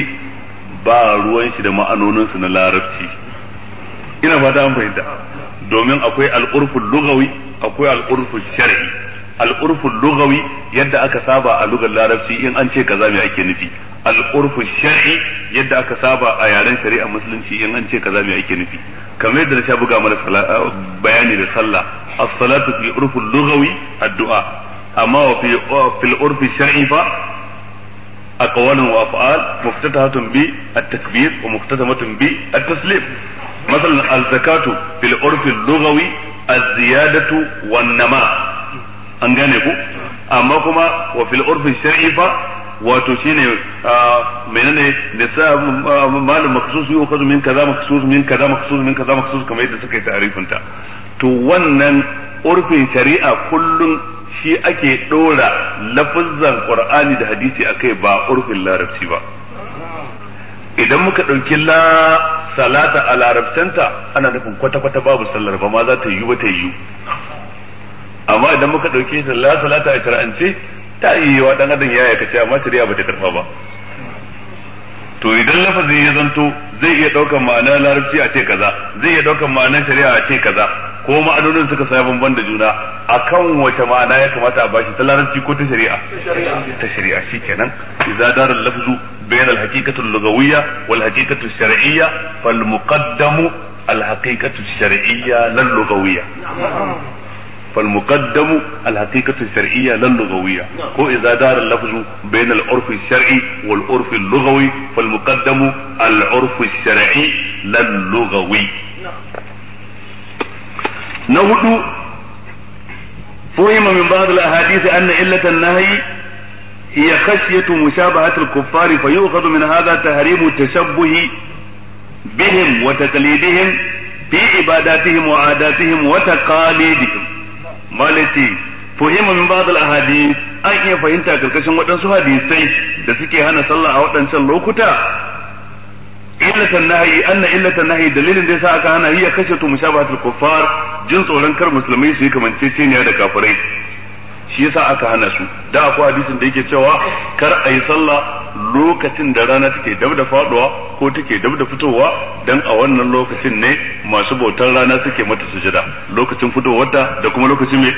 ba ruwan shi da ma'anonin su na larabci ina ba da an fahimta domin akwai al'urful lugawi akwai al'urful shar'i al'urful lugawi yadda aka saba a lugar larabci in an ce kaza me ake nufi al'urful shar'i yadda aka saba a yaren shari'a musulunci in an ce kaza me ake nufi kamar yadda na sha buga mana ah, bayani da sallah as-salatu fi urful lugawi addu'a amma wa fi fil urfi shar'i fa wa af'al muftatahatun bi at-takbir wa muftatamatun bi at-taslim مثلا الزكاة في العرف اللغوي الزيادة والنماء an gane ku amma kuma wa fil urfi shar'i wato shine menene nisab malum makhsus yukhadhu min kaza makhsus min kaza makhsus min kaza makhsus kamar yadda suka yi ta'arifin ta to wannan urfin shari'a kullum shi ake ɗora lafazzan qur'ani da hadisi akai ba urfin larabci ba idan muka ɗauki la salata a larabtanta ana nufin kwata-kwata babu sallar ba ma za ta yiwu ba ta yiwu amma idan muka ɗauki ta la salata a shar'ance ta yi yiwa dan adam ya yakace amma shari'a ba ta karfa ba to idan lafazin ya zanto zai iya ɗaukar ma'anar larabci a ce kaza zai iya ɗaukar ma'anar shari'a a ce kaza ko ma'anonin suka sa bamban da juna akan wace ma'ana ya kamata a bashi ta larabci ko ta shari'a ta shari'a shikenan idza lafzu بين الحقيقة اللغوية والحقيقة الشرعية فالمقدم الحقيقة الشرعية لا اللغوية فالمقدم الحقيقة الشرعية لا اللغوية وإذا دار اللفظ بين العرف الشرعي والعرف اللغوي فالمقدم العرف الشرعي لا اللغوي نقول فهم من بعض الأحاديث أن علة النهي هي خشية مشابهة الكفار فيؤخذ من هذا تحريم التشبه بهم وتقليدهم في عباداتهم وعاداتهم وتقاليدهم مالتي فهم من بعض الأحاديث an iya fahimta karkashin waɗansu hadisai da suke hana sallah a waɗancan lokuta illatan nahi anna illatan nahi dalilin da yasa aka hana hiya kashe tu mushabahatul kuffar jin tsoron kar musulmai su yi kamanceceniya da kafirai shi yasa aka hana su da akwai hadisin da yake cewa kar a yi sallah lokacin da rana take dab da faduwa ko take dab da fitowa dan a wannan lokacin ne masu bautar rana suke mata sujada lokacin ta da kuma lokacin mai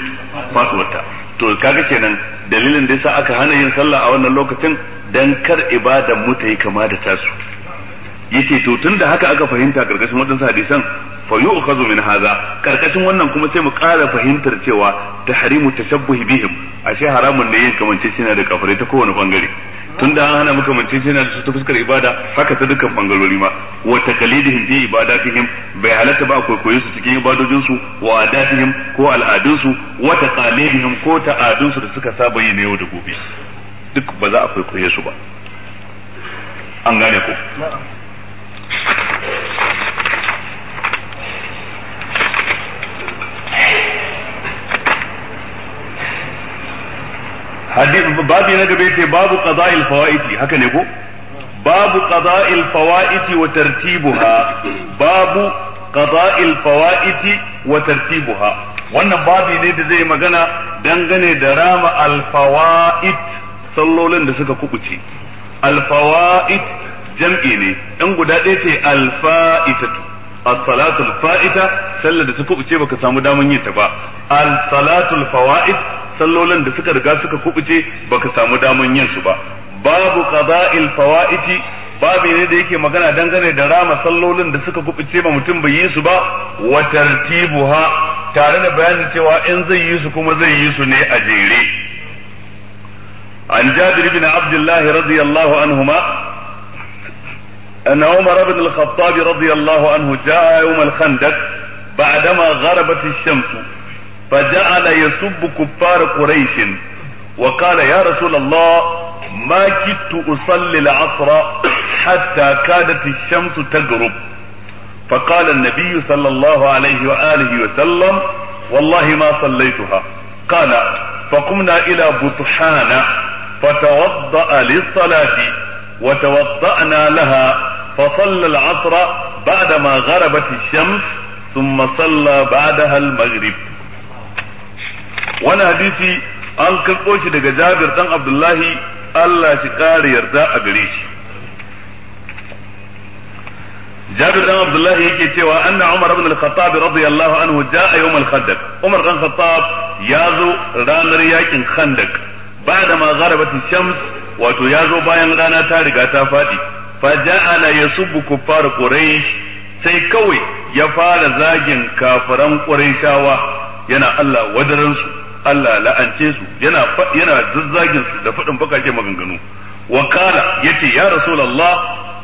ta to kaga kenan dalilin da yasa aka hana yin sallah a wannan lokacin dan kar ibadan mu ta yi kama da tasu yace to tunda haka aka fahimta karkashin wadansu hadisan fa yu'khadhu min hadha karkashin wannan kuma sai mu ƙara fahimtar cewa tahrimu tashabbuhi bihim ashe haramun ne yin kamance shi da kafare ta kowane bangare tunda an hana muka mance shi da su ta fuskar ibada haka ta dukkan bangarori ma wa taqlidihim fi ibadatihim bai halatta ba akwai koyi cikin ibadojin su wa adatihim ko al'adun su wa taqalidihim ko ta'adun su da suka saba yi na yau da gobe duk ba za a kwaikwaye su ba an gane ko hadith babi na gaba yake babu qada'il fawaiti haka ne ko babu qada'il fawaiti wa tartibuha babu qada'il fawaiti wa tartibuha wannan babu ne da zai magana dangane da rama al fawaid sallolin da suka kubuce al fawaid jam'i ne dan guda ɗaya ce al-fa'itatu al salatu faita sallar da ta kubuce baka samu daman yin ta ba al-salatu al sallolin da suka riga suka kubuce baka samu daman yin su ba babu qada'il fawaiti babu ne da yake magana dangane da rama sallolin da suka kubuce ba mutum bai yi su ba wa tartibuha tare da bayanin cewa in zai yi su kuma zai yi su ne a jere an jabir bin abdullah radiyallahu anhuma أن عمر بن الخطاب رضي الله عنه جاء يوم الخندق بعدما غربت الشمس فجعل يسب كفار قريش وقال يا رسول الله ما كدت أصلي العصر حتى كادت الشمس تغرب فقال النبي صلى الله عليه وآله وسلم والله ما صليتها قال فقمنا إلى بطحان فتوضأ للصلاة وتوضأنا لها فصلى العصر بعدما غربت الشمس ثم صلى بعدها المغرب wani hadisi an karɓo shi daga Jabir dan Abdullahi Allah shi kare yarda a gare shi Jabir dan Abdullahi yake cewa anna Umar ibn al-Khattab radiyallahu anhu jaa yawm al-Khandaq Umar dan Khattab ya zo ranar yakin Khandaq bada ma gharabat shams wato ya zo bayan rana ta riga ta fadi fa ja'ala yasubbu kuffar quraish sai kawai ya fara zagin kafiran quraishawa yana Allah wadaransu Allah la'ance su yana yana zazzagin su da faɗin bakake maganganu wa kala yace ya rasulullah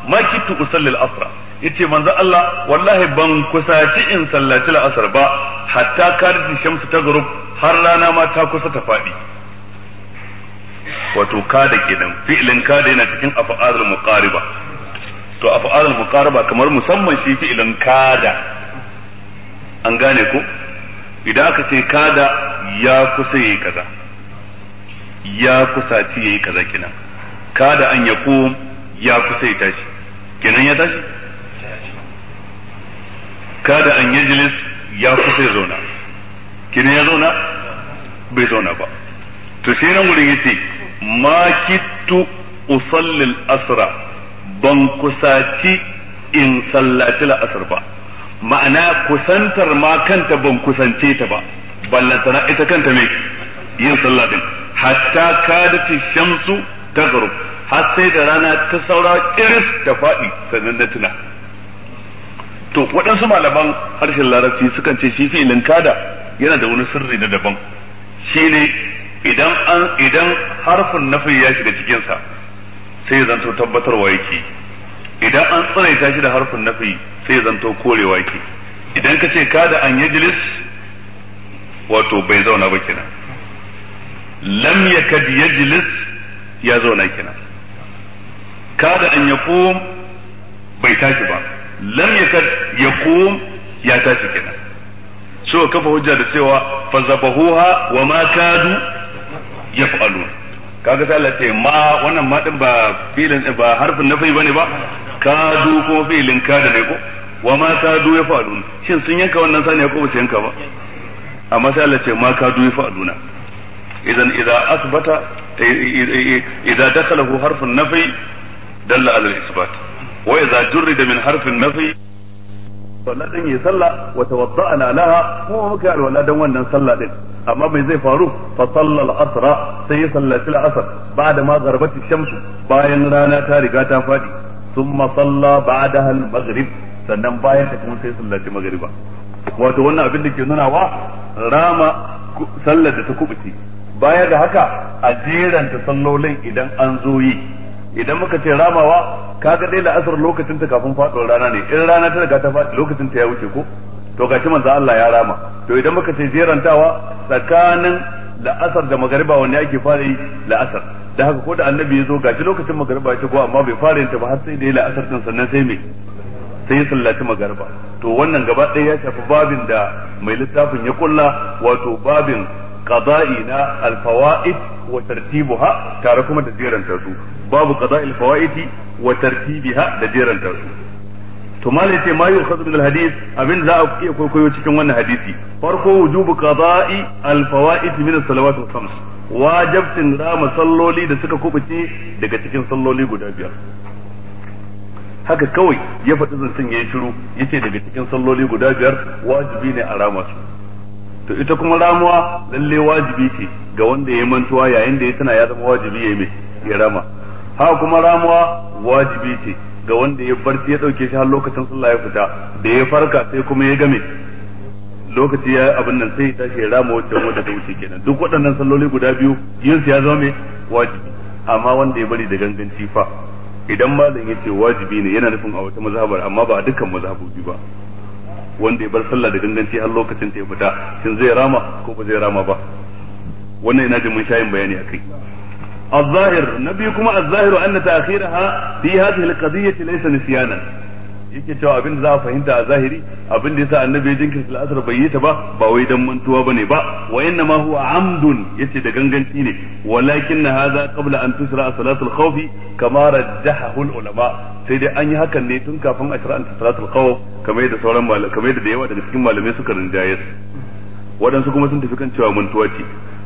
ma kitu usalli al asr yace manzo Allah wallahi ban kusaci in sallaci al-asr ba hatta karti shamsu ta gurub har rana ma ta kusa ta fadi. wato kada kenan fi'lin kada yana cikin af'alul muqariba to af'alul muqariba kamar musamman shi fi'lin kada an gane ko idan aka ce kada ya kusa yayi kaza ya kusa ci yayi kaza kenan kada an ya ku ya kusa ya tashi kenan ya tashi kada an jilis ya kusa ya zauna kenan ya zauna bai zauna ba to sai nan wurin yace ma kittu usalli al-asra ban kusaci in sallaci al-asr ba ma'ana kusantar ma kanta ban kusance ta ba ballantana ita kanta mai yin sallah din hatta ta shamsu ta garu har sai da rana ta saura iris ta faɗi sannan na tuna to waɗansu malaman harshen larabci sukan ce shi fi'ilin kada yana da wani sirri na daban shi ne idan an idan harfin nafi ya shiga cikinsa sai zanto tabbatarwa yake idan an tsare ta shi da harfin nafi sai zanto korewa yake idan ka ce kada an yajlis wato bai zauna ba kenan lam yakad yajlis ya zauna kenan kada an yaqum bai tashi ba lam yakad yaqum ya tashi kenan so kafa hujja da cewa fazabahuha wa ma kadu yaf'alun kaga sai Allah ce ma wannan ma din ba filin ba harfin nafi bane ba kadu ko filin kada ne ko wa ma kadu yaf'alun shin sun yanka wannan sani ko ba su yanka ba A sai ce ma kadu fa'aduna idan idan asbata eh, eh, eh, idza dakhalahu harfun nafi dalla ala isbat wa idza jurrida min harfin nafi sallah din yi sallah wa tawadda'na laha kuma muka alwala dan wannan sallah din amma mai zai faru fa salla al-asra sai ya sallaci al-asr ba'da ma garbati shamsu bayan rana ta riga ta fadi thumma salla ba'daha al-maghrib sannan bayan ta kuma sai sallaci maghriba wato wannan abin da ke nuna wa rama sallar da ta kubuce baya da haka a jeranta sallolin idan an zo yi idan muka ce ramawa kaga dai la'asar lokacin ta kafin faɗuwar rana ne in rana ta riga ta faɗi lokacin ta ya wuce ko to gashi manzo Allah ya rama to idan muka ce jerantawa tsakanin la'asar da magariba wanne ake fara yi la'asar da haka ko da annabi ya zo gashi lokacin magariba ya ko amma bai fara yin ta ba har sai dai la'asar din sannan sai me sai ya sallaci magariba to wannan gaba ɗaya ya shafi babin da mai littafin ya kulla wato babin qada'i na alfawaid wa tartibuha tare kuma da jeran su babu qada'il fawaidi wa tartibiha da jeran su to malai ce ma yukhadhu min alhadith abin za a iya koyo cikin wannan hadisi farko wujubu qada'i alfawaid min as-salawat al-khams wajibtin rama salloli da suka kubuce daga cikin salloli guda biyar haka kawai ya faɗi zancen ya yi shiru ce daga cikin salloli guda biyar wajibi ne a rama su to ita kuma ramuwa lalle wajibi ce ga wanda ya yi mantuwa yayin da ya tana ya zama wajibi ya yi ya rama haka kuma ramuwa wajibi ce ga wanda ya barci ya ɗauke shi har lokacin sallah ya fita da ya farka sai kuma ya game lokaci ya abin nan sai ta shi ya rama wacce wanda ta wuce kenan duk waɗannan salloli guda biyu yin su ya zama mai wajibi amma wanda ya bari da ganganci fa idan malam ya ce wajibi ne yana nufin a wata mazhabar amma ba a dukkan mazhabobi ba wanda ya bar sallah da ganganci har lokacin ta ya fita shin zai rama ko ba zai rama ba wannan ina jin mun shayin bayani akai الظاهر نبي كما الظاهر أن تأخيرها في هذه القضية ليس نسيانا yake cewa abin da za a fahimta a zahiri abin da yasa annabi jinkirta la'asar bai yi ta ba ba wai dan mantuwa bane ba wa inna ma huwa amdun yace da ganganci ne walakin hadha qabla an tusra salatul khawf kama rajjahahu ulama sai dai an yi hakan ne tun kafin a shar'anta salatul khawf kamar yadda sauran malamai kamar yadda da yawa daga cikin malamai suka rinjaye waɗansu kuma sun tafi kan cewa mantuwa ce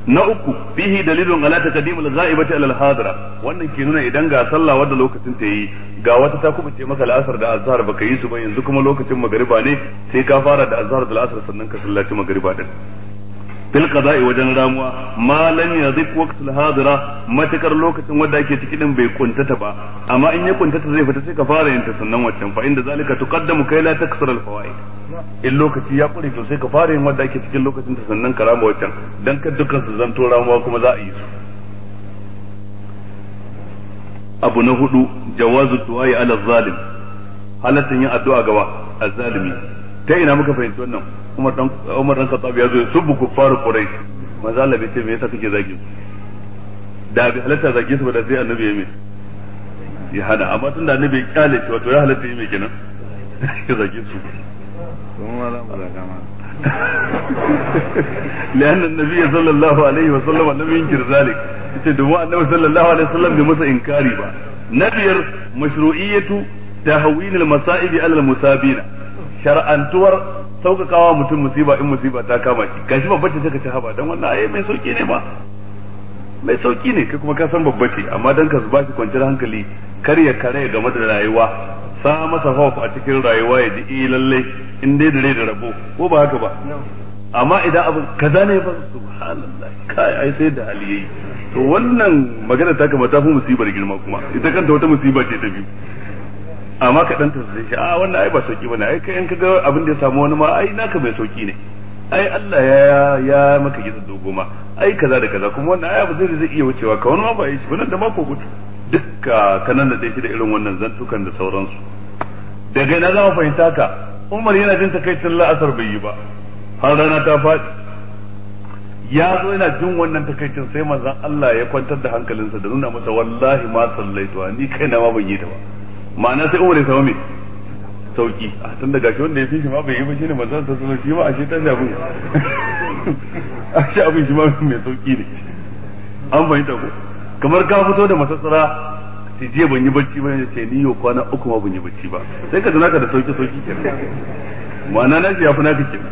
na uku fihi dalilun ala taqdimul ghaibati ala al-hadira wannan ke nuna idan ga sallah wadda lokacin ta yi ga wata ta kuma ce maka la'asar da azhar baka yi su ba yanzu kuma lokacin magriba ne sai ka fara da azhar da la'asar sannan ka sallaci magriba din fil qada'i wajen ramuwa ma lam yadhiq waqtul hadira matakar lokacin wanda ake ciki din bai kuntata ba amma in ya kuntata zai fita sai ka fara yin ta sannan waccan fa inda zalika tuqaddamu kai la taksara al-fawaid in lokaci ya kure sosai ka fara yin wanda ake cikin lokacin ta sannan ka rama wancan dan ka dukkan su zanto ramuwa kuma za a yi su abu na hudu jawazu du'ai ala zalim halatin yin addu'a a azzalimi ta ina muka fahimci wannan Umar dan Umar dan Khattab ya zo subbu kuffaru quraish manzo Allah bai ce me yasa kake zagi da bi halatta zagi su ba da sai annabi ya mai ya hada amma tunda annabi ya kyale shi wato ya halatta yi mai kenan [laughs] ya zagi su kuma za mu zaga ma lian [laughs] annabi sallallahu alaihi wasallam lam yunkir zalik yace domin annabi sallallahu alaihi wasallam bai masa inkari ba na biyar mashru'iyatu tahwin al-masa'ib ala al-musabina shar'antuwar saukakawa mutum musiba in musiba ta kama shi gashi babba ce take ta haba dan wannan ayi mai sauki ne ba mai sauki ne kai kuma ka san babba ce amma dan ka zuba shi kwanciyar hankali kar ya kare game da rayuwa sa masa hof a cikin rayuwa ya ji eh lalle in dai da rai da rabo ko ba haka ba amma idan abin kaza ne ba subhanallah kai ai sai da hali yayi to wannan magana ta kamata fi musibar girma kuma ita kanta wata musiba ce ta biyu amma ka dan tantance shi ah, a wannan ai ba sauki bane ai kai in ka ga abin da ya samu wani ma ai naka mai sauki ne ai Allah ya ya maka gidan dogoma ai kaza da kaza kuma wannan ai abu zai zai iya wucewa ka wani ma ba yi shi wannan da mako ko gudu Dukka ka dai shi da irin wannan zantukan da sauransu daga na zama fahimta ka umar yana jin takaicin la'asar bai yi ba har rana ta faɗi ya zo yana jin wannan takaicin sai manzon Allah ya kwantar da hankalinsa da nuna masa wallahi ma sallaitu ni kaina ma ban yi ta ba ma'ana sai umar ya samu me sauki a tun daga shi wanda ya fi shi ma bai yi ba shine manzon ta sallallahu shi ma shi ta jabu ashe abin shi ma mai sauki ne an fahimta ko kamar ka fito da masassara ta jiya ban yi bacci ba ne sai ni yau kwana uku ma ban yi bacci ba sai ka zana naka da sauki sauki kenan ma'ana na shi ya fi naka kenan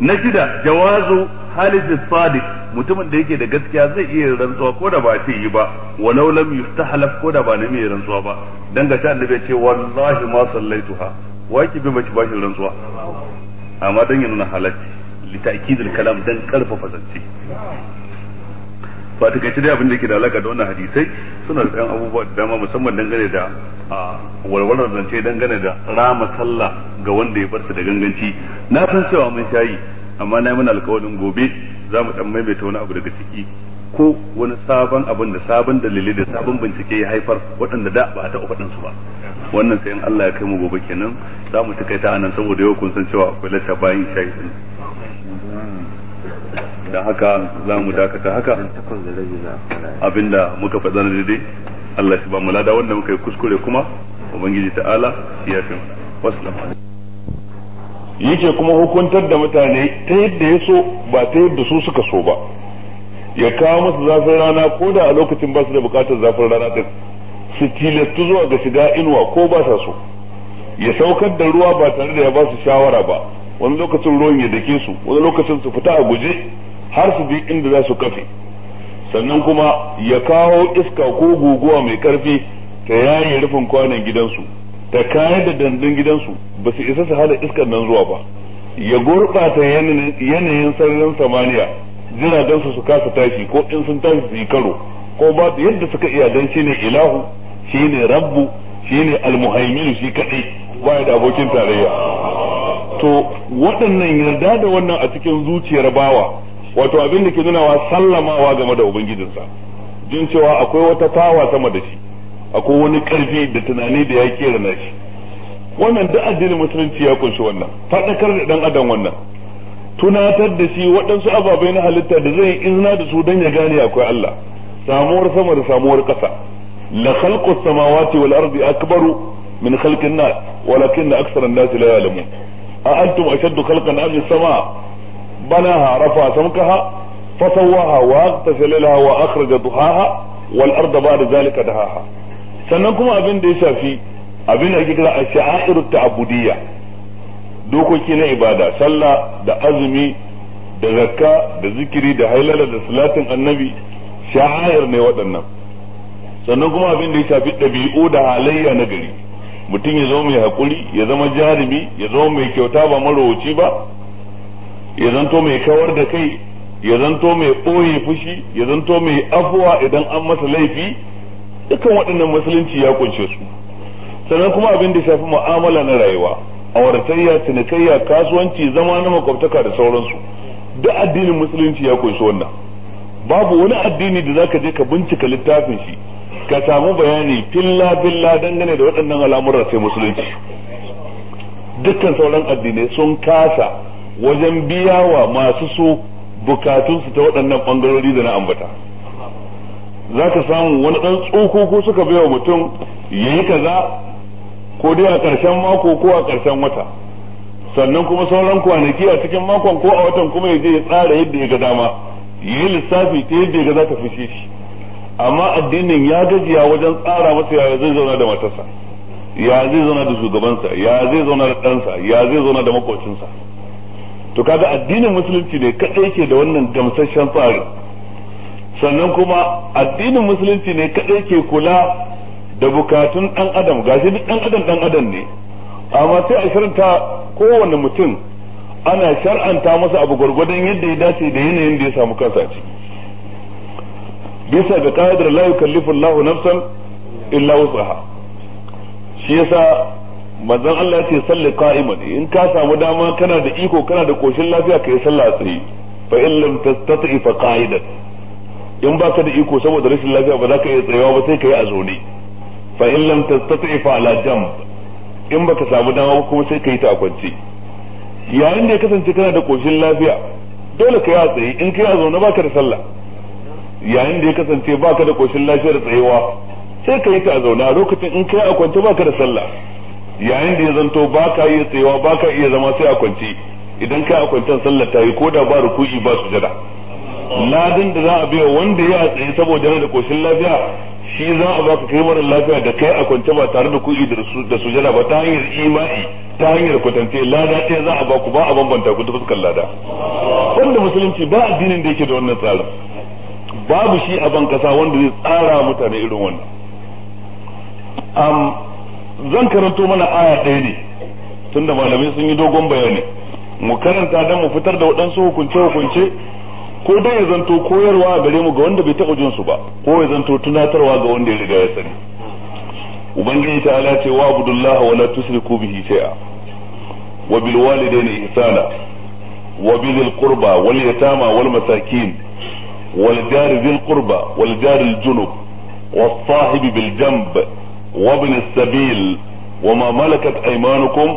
na shida jawazu halif sadiq mutumin da yake da gaskiya zai iya rantsuwa ko da ba ce yi ba walau lam yustahlaf ko da ba ne mai rantsuwa ba dan ga ta annabi ce wallahi ma sallaituha wake bai bace bashin rantsuwa amma dan yana halacci li kalam dan karfafa zance ba ta kace dai abin da ke da alaka da wannan hadisai suna da abubuwa da dama musamman dangane da walwalar zance dangane da rama sallah ga wanda ya barsa da ganganci na san cewa mun shayi amma na yi mana alƙawarin gobe za mu dan maimaita wani abu daga ciki ko wani sabon abin da sabon dalilai da sabon bincike ya haifar waɗanda da ba a taɓa faɗin su ba wannan sai in Allah ya kai mu gobe kenan za mu ta anan saboda yau kun san cewa akwai lacca bayan shayi da haka za mu dakata haka abinda muka faɗa na daidai Allah shi ba mu lada wanda muka yi kuskure kuma ubangiji ta'ala shi ya fi yake kuma hukuntar da mutane ta yadda ya so ba ta yadda su suka so ba ya kawo masu zafin rana ko da a lokacin ba su da bukatar zafin rana din su tilastu zuwa ga shiga inuwa ko ba sa so ya saukar da ruwa ba tare da ya ba su shawara ba wani lokacin ruwan ya dake su wani lokacin su fita a guje har su bi inda za su kafe sannan kuma ya kawo iska ko guguwa mai karfi ta yaye rufin kwanan gidansu ta kayar da dandun gidansu ba su isa su hada iskar nan zuwa ba ya gurɓata yanayin sararin samaniya jiragen su su kasa tashi ko in sun tashi su yi karo ko ba yadda suka iya dan ne ilahu shi shine rabbu ne almuhaimin shi kaɗai ba da abokin tarayya to waɗannan yarda da wannan a cikin zuciyar bawa wato abin da ke nunawa sallamawa game da ubangijinsa jin cewa akwai wata tawa sama da shi akwai wani karfi da tunani da ya kera na shi wannan duk addinin musulunci ya kunshi wannan faɗakar da ɗan adam wannan tunatar da shi waɗansu ababai na halitta da zai izina da su don ya gane akwai Allah samuwar sama da samuwar ƙasa la khalqus samawati wal ardi akbaru min khalqin nas walakin aksara an-nas la ya'lamun a antum ashaddu khalqan am as-sama بناها رفع سمكها فسواها واغطش ليلها واخرج ضحاها والارض بعد ذلك دهاها sannan kuma abin da ya shafi abin da a kira a abudiyya dokoki na ibada sallah da azumi da zakka da zikiri da hailala da salatin annabi shaharar ne waɗannan sannan kuma abin da ya shafi ɗabi'u da halayya na gari mutum ya zama mai haƙuri ya zama jarumi ya zama mai kyauta ba marowaci ba ya zanto mai kawar da kai ya zanto mai ɓoye fushi ya zanto mai afuwa idan an masa laifi dukkan waɗannan musulunci ya kunshe su sannan kuma abin da shafi mu'amala na rayuwa wartayya cinikayya kasuwanci zama na makwabtaka da sauransu duk addinin musulunci ya kunshi wannan babu wani addini da zaka je ka bincika littafin shi ka samu bayani filla filla dangane da waɗannan al'amuran sai musulunci dukkan sauran addinai sun kasa wajen biya wa masu so bukatunsu ta waɗannan ɓangarori da na ambata za ka samu wani ɗan tsokoko suka biya wa mutum ya yi kaza ko dai a ƙarshen mako ko a ƙarshen wata sannan kuma sauran kwanaki a cikin makon ko a watan kuma ya je ya tsara yadda ya ga dama ya yi lissafi ta yadda ya ga za ta fushe shi amma addinin ya gajiya wajen tsara masa ya zai zauna da matarsa ya zai zauna da shugabansa ya zai zauna da ɗansa ya zai zauna da makocinsa to kaga addinin musulunci ne kadai ke da wannan gamsasshen tsari sannan kuma addinin musulunci ne kadai ke kula da bukatun dan adam gashi duk dan adam dan adam ne amma sai a shirinta kowane mutum ana shar'anta masa abu gwargwadon yadda ya dace da yanayin da ya samu kansa a ciki bisa ga ka'idar la yukallifu Allahu nafsan illa wus'aha shi yasa manzon Allah ya ce salli qa'iman in ka samu dama kana da iko kana da koshin lafiya kai sallah tsaye fa in lam tastati fa qa'idan in baka da iko saboda rashin lafiya ba za ka iya tsayawa ba sai yi a zaune fa in lam tastati fa ala jamb in baka samu dama ba kuma sai ka yi ta a kwance yayin da ya kasance kana da koshin lafiya dole yi a tsaye in kai a zaune baka da sallah yayin da ya kasance baka da koshin da tsayewa sai ka yi ta a zaune a lokacin in ka yi a kwance baka da sallah yayin da ya zanto ba ka iya tsayawa ba ka iya zama sai a kwance idan kai a kwancen sallar ta yi ko da ba ruku'i ba su jada ladin da za a biya wanda ya tsaye saboda yana da koshin lafiya shi za a baka kai mara lafiya da kai a kwance ba tare da kuɗi da su jira ba ta hanyar imani ta hanyar kwatance lada ce za a baku ba a bambanta ku ta fuskar lada wanda musulunci ba addinin da yake da wannan tsarin babu shi a ban kasa wanda zai tsara mutane irin wannan zan karanto mana aya ɗaya ne da malamai sun yi dogon bayani mu karanta don mu fitar da waɗansu hukunce-hukunce ko dai ya zanto koyarwa a gare mu ga wanda bai taɓa jin su ba ko ya zanto tunatarwa ga wanda ya riga ya sani ubangiji ta ala ce wa abdullah wa la tusriku bihi shay'a wa bil walidaini ihsana wa bil qurba wal yatama wal masakin wal jari bil qurba wal jari al junub was sahibi bil وابن السبيل وما ملكت أيمانكم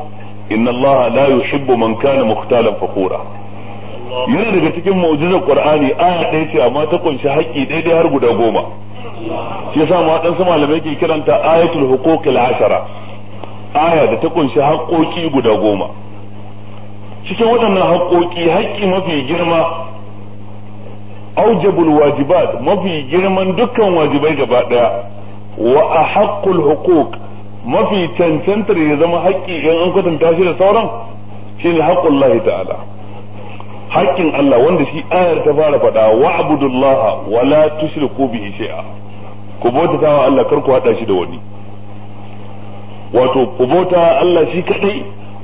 إن الله لا يحب من كان مختالا فخورا yana daga cikin mu'jizar Qur'ani aya ɗaya ce amma ta kunshi haƙƙi daidai har guda goma shi yasa ma dan sama malamai ke kiranta ayatul huquqil ashara aya da ta kunshi haƙƙoƙi guda goma cikin waɗannan haƙƙoƙi haƙƙi mafi girma aujabul wajibat mafi girman dukkan wajibai gaba ɗaya wa a haƙƙul hukuk mafi cancantar ya zama haƙƙi in an kwatanta shi da sauran shi ne haƙƙun lahi ta'ala haƙƙin Allah wanda shi ayar ta fara faɗa wa abudullaha wa la tushriku bihi shay'a ku bauta wa Allah kar ku hada shi da wani wato ku bauta Allah shi kadai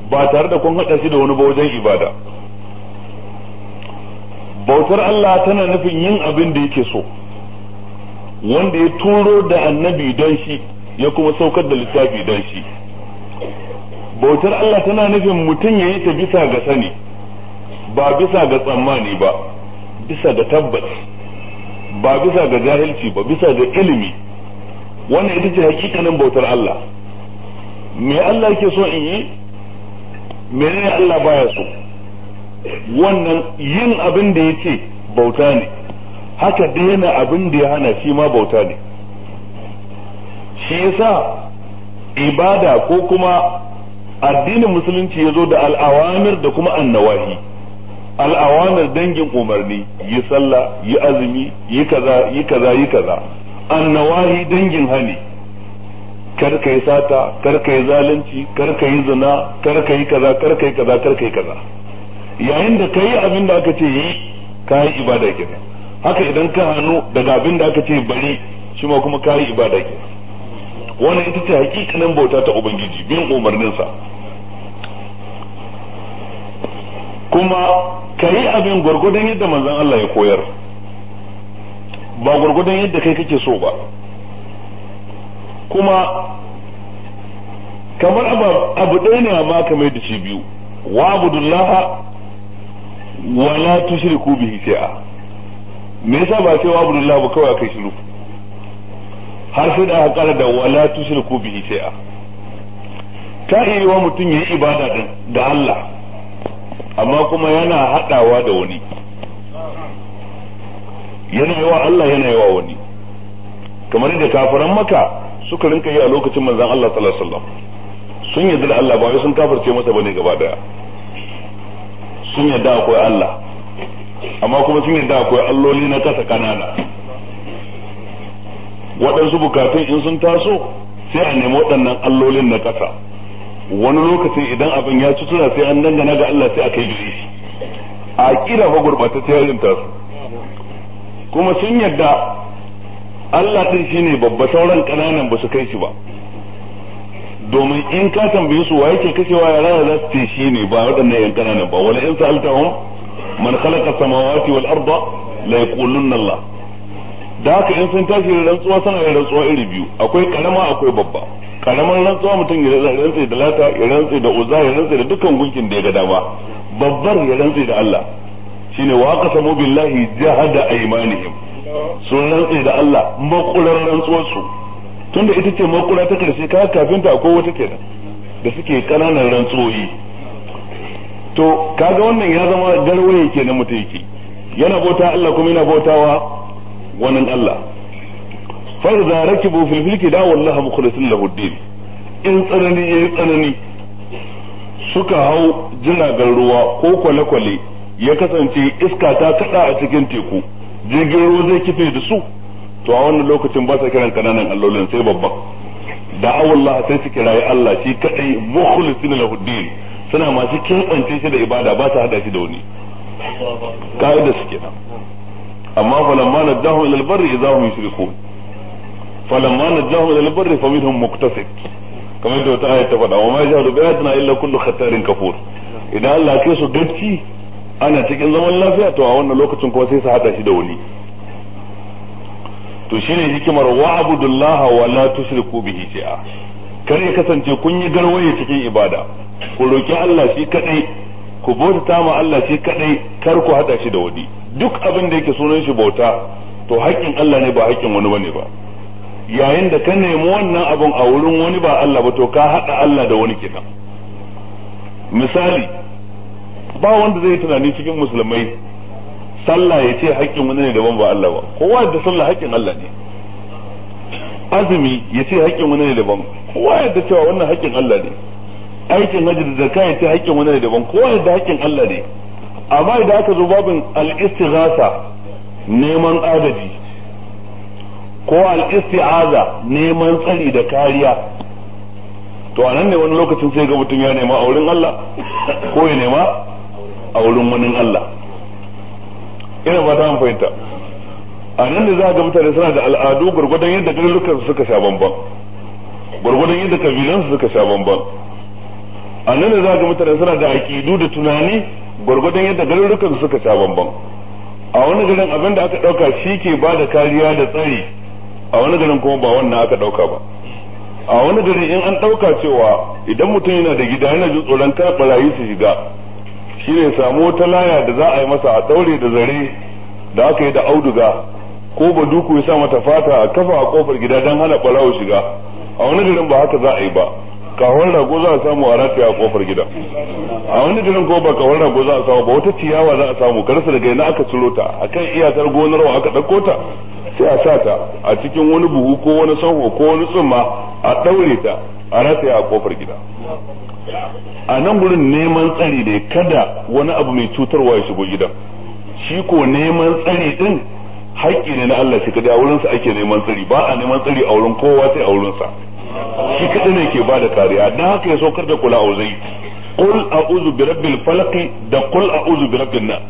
ba tare da kun hada shi da wani ba wajen ibada bautar Allah tana nufin yin abin da yake so wanda ya turo da annabi don shi ya kuma saukar da littafi don shi bautar Allah tana nufin mutum ya yi ta bisa ga sani ba bisa ga tsammani ba bisa ga tabbas ba bisa ga jahilci ba bisa ga ilimi wannan ita ce hakikanin bautar Allah me Allah yake so in yi menene Allah baya so wannan yin abin da ya ce bauta ne haka daina abin da ya hana shi ma bauta ne shi yasa ibada ko kuma addinin musulunci ya zo da al'awamir da kuma annawahi al'awamir dangin umarni yi sallah yi azumi yi kaza yi kaza yi kaza annawahi dangin hani kar sata kar zalunci kar zina kar kaza kar kaza kar kaza yayin da ka abin da aka ce yi ka yi ibada kenan haka idan ka hannu daga abin da aka ce bari shi ma kuma kayi ibada ke wannan ita ce hakikanin bauta ta ubangiji bin umarninsa kuma ka yi abin gwargwadon yadda manzon Allah ya koyar ba gwargwadon yadda kai kake so ba kuma kamar abu ɗaya ne amma ka mai da shi biyu wa abudullaha wa la tushriku bihi shay'a me yasa ba sai wa abdullah ba kawai akai shiru har sai da aka kara da wala tushriku bihi shay'a ta iri wa mutum yayi ibada din da Allah amma kuma yana hadawa da wani yana yawa Allah yana yawa wani kamar da kafiran maka suka rinka yi a lokacin manzon Allah sallallahu alaihi wasallam sun yadda da Allah ba wai sun kafirce masa bane gaba daya sun yarda akwai Allah amma kuma sun yadda akwai alloli na kasa kanana waɗansu bukatun in sun taso sai a nemi waɗannan allolin na kasa wani lokacin idan abin ya ci tura sai an dangana ga Allah sai a kai gizi a kira fa gurbatacce yarin tasu kuma sun yadda Allah shi shine babba sauran kananan ba su kai shi ba domin in ka tambaye su wa yake kashewa yara za su ce ne ba waɗannan yan ƙananan ba wani in sa'altahum man khalaqa samawati wal arda la yaqulunna Allah da haka in sun tashi da rantsuwa suna da rantsuwa iri biyu akwai karama akwai babba karaman rantsuwa mutum ya rantsa da lata ya rantsa da uza ya rantsa da dukkan gunkin da ya ga dama babbar ya rantsa da Allah shine wa qasamu billahi jahada aymanihim sun rantsa da Allah makurar rantsuwar su tunda ita ce makura ta karshe ka kafinta akwai wata kenan da suke kananan rantsuwoyi to kaga wannan ya zama garwaye ke na mutum yake yana bauta Allah kuma yana bautawa wannan Allah fa za rakibu fil filki da wallahi mukhlisin lahu din in tsanani yayi tsanani suka hau jiragen ruwa ko kwale-kwale ya kasance iska ta kada a cikin teku jirgin ruwa zai kife da su to a wannan lokacin ba sa kiran kananan allolin sai babba da awallah sai su kirayi Allah shi kadai mukhlisin lahu din suna masu keɓance shi da ibada ba su hada shi da wani ka'idar su kenan amma falamma naddahum ila albarri idahum yushrikun falamma naddahum ila fa minhum muqtasid kamar yadda wata ayat ta faɗa wa ma yajhadu bi ayatina illa kullu khatarin kafur idan Allah ke su gacci ana cikin zaman lafiya to a wannan lokacin kuma sai su hada shi da wani to shine hikimar wa wa la tushriku bihi shay'a kar ya kasance kun yi garwaye cikin ibada ku roki Allah shi kadai ku bauta ma Allah shi kadai kar ku hada shi da wani duk abin da yake sunan shi bauta to haƙƙin Allah ne ba haƙƙin wani bane ba yayin da ka nemi wannan abun a wurin wani ba Allah ba to ka hada Allah da wani kenan misali ba wanda zai tunani cikin musulmai sallah ya ce haƙƙin wani ne daban ba Allah ba kowa da sallah haƙƙin Allah ne azumi ya ce haƙƙin wani ne daban kowa yadda cewa wannan haƙƙin Allah ne aikin hajji da zakka ya ce haƙƙin wani ne daban kowa yadda haƙƙin Allah ne amma idan aka zo babin al-istighasa neman agaji ko al-isti'aza neman tsari da kariya to anan ne wani lokacin sai ga mutum ya nema a wurin Allah ko ya nema a wurin wani Allah ina ba ta fahimta a nan ne za ga mutane suna da al'adu gurgudan yadda garurukan suka sha bamban gurgudan yadda kabilansu suka sha bamban a nan ne za ga mutane suna da aƙidu da tunani gurgudan yadda garurukan suka sha bamban a wani garin abin da aka ɗauka shi ke ba da kariya da tsari a wani garin kuma ba wannan aka ɗauka ba a wani garin in an ɗauka cewa idan mutum yana da gida yana jin tsoron kada ɓarayi su shiga shi ne samu wata laya da za a yi masa a ɗaure da zare da aka yi da auduga ko ba duku ya sa mata fata a kafa a kofar gida don hana ɓarawo shiga a wani garin ba haka za a yi ba kawar rago za a samu a rataya a kofar gida a wani garin ko ba kawar rago za a samu ba wata ciyawa za a samu karsa daga yana aka ciro ta kan iyakar gonar aka ɗauko ta sai a sa ta a cikin wani buhu ko wani sanho ko wani tsumma a ɗaure ta a rataya a kofar gida a nan gurin neman tsari ne kada wani abu mai cutarwa ya shigo gidan shi ko neman tsari din haƙƙi ne na Allah shi kadai a wurinsa ake neman tsari ba a neman tsari a wurin kowa sai a wurinsa shi kadai ne ke ba da kariya dan haka ya kar da kula auzai qul a'udhu bi rabbil falaq da qul a'udhu bi rabbin nas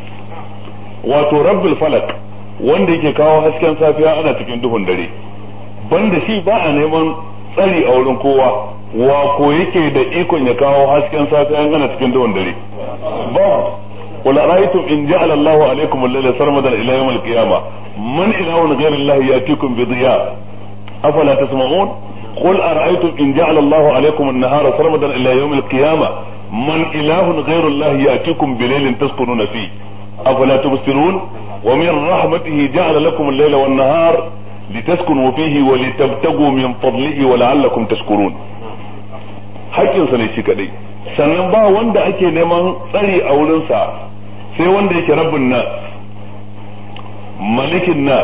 wato rabbil falaq wanda yake kawo hasken safiya ana cikin duhun dare banda shi ba a neman tsari a wurin kowa wa ko yake da ikon ya kawo hasken safiya ana cikin duhun dare ba قل أرأيتم إن جعل الله عليكم الليل سرمدا إلى يوم القيامة من إله غير الله يأتيكم بضياء أفلا تسمعون قل أرأيتم إن جعل الله عليكم النهار سرمدا إلى يوم القيامة من إله غير الله يأتيكم بليل تسكنون فيه أفلا تبصرون ومن رحمته جعل لكم الليل والنهار لتسكنوا فيه ولتبتغوا من فضله ولعلكم تشكرون hakkinsa ne shi kadai sannan ba wanda ake neman tsari a wurinsa sai wanda yake rabbin nas malikin nas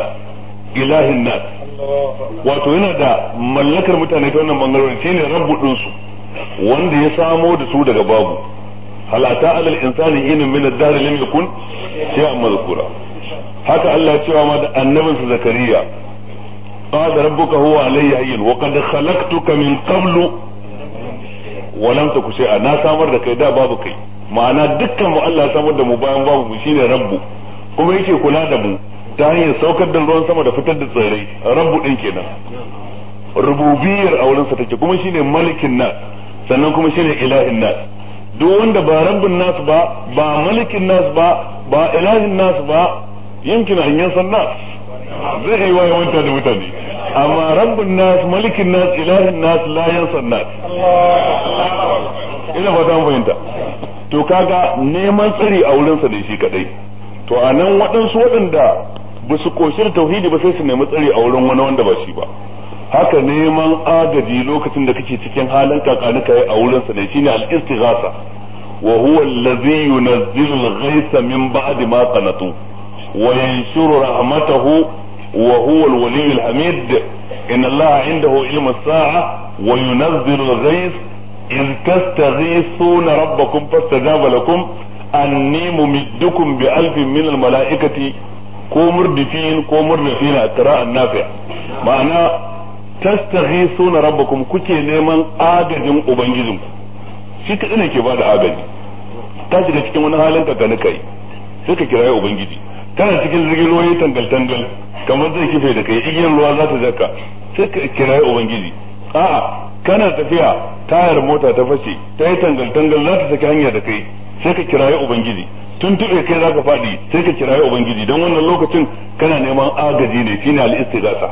ilahin nas wato yana da mallakar mutane ta wannan bangarorin ne rabbu din su wanda ya samo da su daga babu halata alal insani inin min ad-dahr lam yakun shay'a mazkura haka Allah ya cewa ma da annabin sa zakariya huwa ربك hayyun wa qad khalaqtuka min qablu wa lam تك shay'a na samar da kai da babu kai ma'ana dukkan mu Allah samar da mu bayan babu mu shine rabbu kuma yake kula da mu ta hanyar saukar da ruwan sama da fitar da tsirrai rabbu din kenan rububiyar a wurin sa take kuma shine malikin nas sannan kuma shine ilahin nas duk wanda ba rabbun nas ba ba malikin nas ba ba ilahin nas ba yumkin hanyar yansan nas zai yi waye wanta da mutane amma rabbun nas malikin nas ilahin nas la yansan nas ina fata mun fahimta to kaga neman tsari a wurinsa ne shi kadai to a nan waɗansu waɗanda ba su koshi da tauhidi ba sai su nemi tsari a wurin wani wanda ba shi ba haka neman agaji lokacin da kake cikin halin kakani kai a wurinsa ne shine al-istighasa wa huwa allazi yunazzilu al-ghaytha min ba'di ma qanatu wa yanshuru rahmatahu inna allaha indahu ilmu as-sa'a wa الساعة al-ghaytha in tastaghisuna zabala kun an anni mumiddukum bi alfin min al malaikati ko murdifin ko murdifina qira'an nafi' ma'ana suna tastaghisuna kun kuke neman agajin ubangijinku shi kadai ina ke bada agaji ta shiga cikin wani halin ka gani kai sai ka kiraye ubangiji kana cikin jirgin ruwa tangal tangal kamar zai kife da kai igiyar ruwa za ta zaka sai ka kiraye ubangiji a'a kana tafiya tayar mota ta fashe ta yi tangal-tangal za ta saki hanya da kai sai ka kirayi ubangiji tun tuɓe kai za ka faɗi sai ka kirayi ubangiji don wannan lokacin kana neman agaji ne shine za ta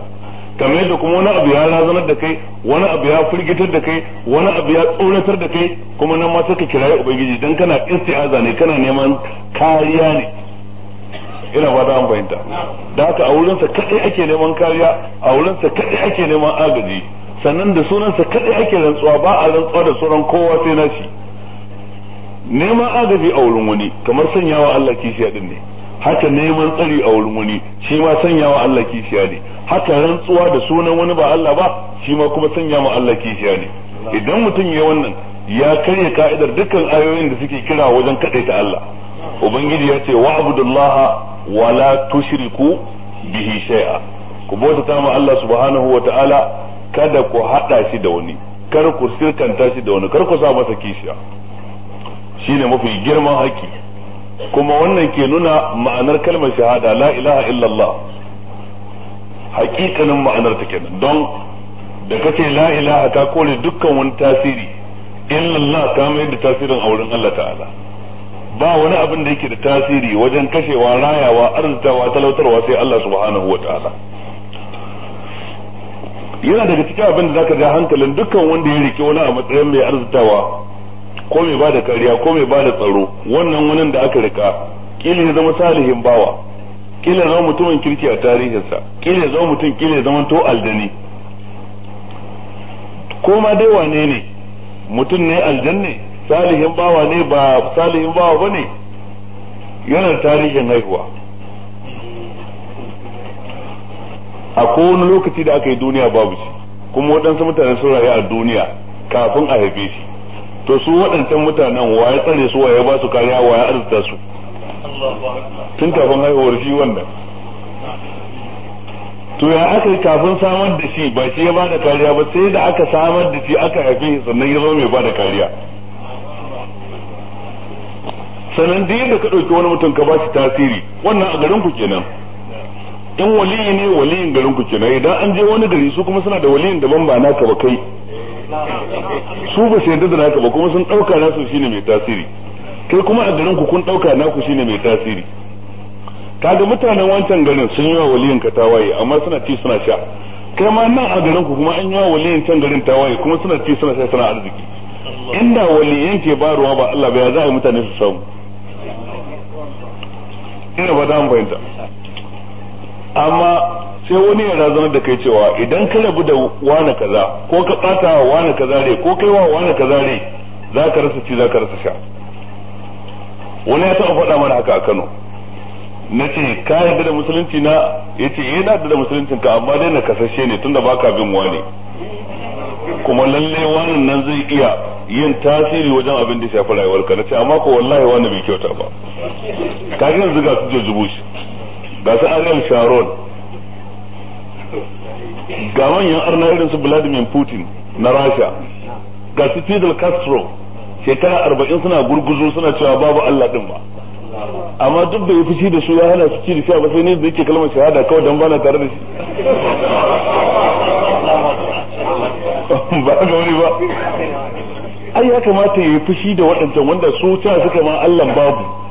kamar yadda kuma wani abu ya razanar da kai wani abu ya firgitar da kai wani abu ya tsoratar da kai kuma nan ma sai ka kirayi ubangiji don kana isti'aza ne kana neman kariya ne ina da an fahimta da haka a wurinsa kaɗai ake neman kariya a wurinsa kaɗai ake neman agaji sannan da sunansa kadai ake rantsuwa ba a rantsuwa da sunan kowa sai nashi neman agaji a wurin wani kamar sanyawa Allah kishiya din ne haka neman tsari a wurin wani shi ma sanyawa Allah kishiya ne haka rantsuwa da sunan wani ba Allah ba shi ma kuma sanya ma Allah kishiya ne idan mutum ya wannan ya karya ka'idar dukkan ayoyin da suke kira wajen ta Allah ubangiji ya ce wa abudullaha wala tushriku bihi shay'a ku bauta ta ma Allah subhanahu wa ta'ala kada ku hada shi da wani kar ku sirkanta shi da wani kar ku sa masa kishiya shine mafi girman haƙi kuma wannan ke nuna ma'anar kalmar shahada la ilaha illallah hakikanin ma'anar ta kenan don da kace la ilaha ta kore dukkan wani tasiri illallah ta mai da tasirin a wurin Allah ta'ala ba wani abin da yake da tasiri wajen kashewa rayawa arzitawa talautarwa sai Allah subhanahu wa ta'ala yana daga cikin abin da zaka ga hankalin dukkan wanda ya rike wani a matsayin mai arzikawa ko mai bada kariya ko mai bada tsaro wannan wani da aka rika kila ya zama salihin bawa kila ya zama mutumin kirki a tarihinsa kila ya zama mutum kila ya zama to aljani ko ma dai wane ne mutum ne aljan ne salihin bawa ne ba salihin bawa bane yana tarihin haihuwa a kowane lokaci da aka yi duniya babu shi kuma waɗansu mutane sun rayu a duniya kafin a haife shi to su waɗancan mutanen wa ya tsare su wa ya ba su kariya wa ya arzuta su tun kafin haihuwar shi wannan to ya aka yi kafin samar da shi ba shi ya ba da kariya ba sai da aka samar da shi aka haife shi sannan ya zama mai ba da kariya sannan da ka ɗauki wani mutum ka ba shi tasiri wannan a garin ku kenan in waliyi ne waliyin garin ku kenan idan an je wani gari su kuma suna da waliyin daban ba naka ba kai su ba su yarda da naka ba kuma sun dauka nasu shine mai tasiri kai kuma a garin ku kun dauka naku shine mai tasiri kaga mutanen wancan garin sun yi wa waliyin ka tawaye amma suna ci suna sha kai ma nan a garin ku kuma an yi wa waliyin can garin tawaye kuma suna ci suna sha suna arziki inda waliyin ke ba ruwa ba Allah ba ya za a yi mutane su samu ina ba da fahimta amma sai wani ya razanar da kai cewa idan ka rabu da wani kaza ko ka tsata wa wani kaza ne ko kai wa wani kaza ne za ka rasa ci za ka rasa sha wani ya taɓa faɗa mana haka a Kano na ce ka yarda da musulunci na ya ce yana eh, da musulunci ka amma dai na kasashe ne tunda baka bin wani kuma lalle wannan nan zai iya yin tasiri wajen abin da shafi rayuwarka na ce amma ko wallahi wani bai kyauta ba ka yanzu ga su je shi ga su Ariel Sharon ga manyan arna irin su Vladimir Putin na Rasha ga su Fidel Castro shekara arba'in suna gurguzo suna cewa babu Allah din ba amma duk da ya fushi da su ya hana su ci da sha ba sai ne da yake kalmar shahada kawai dan bana tare da shi ba ga wani ba ai ya kamata ya fushi da waɗancan wanda su ta suka ma Allah babu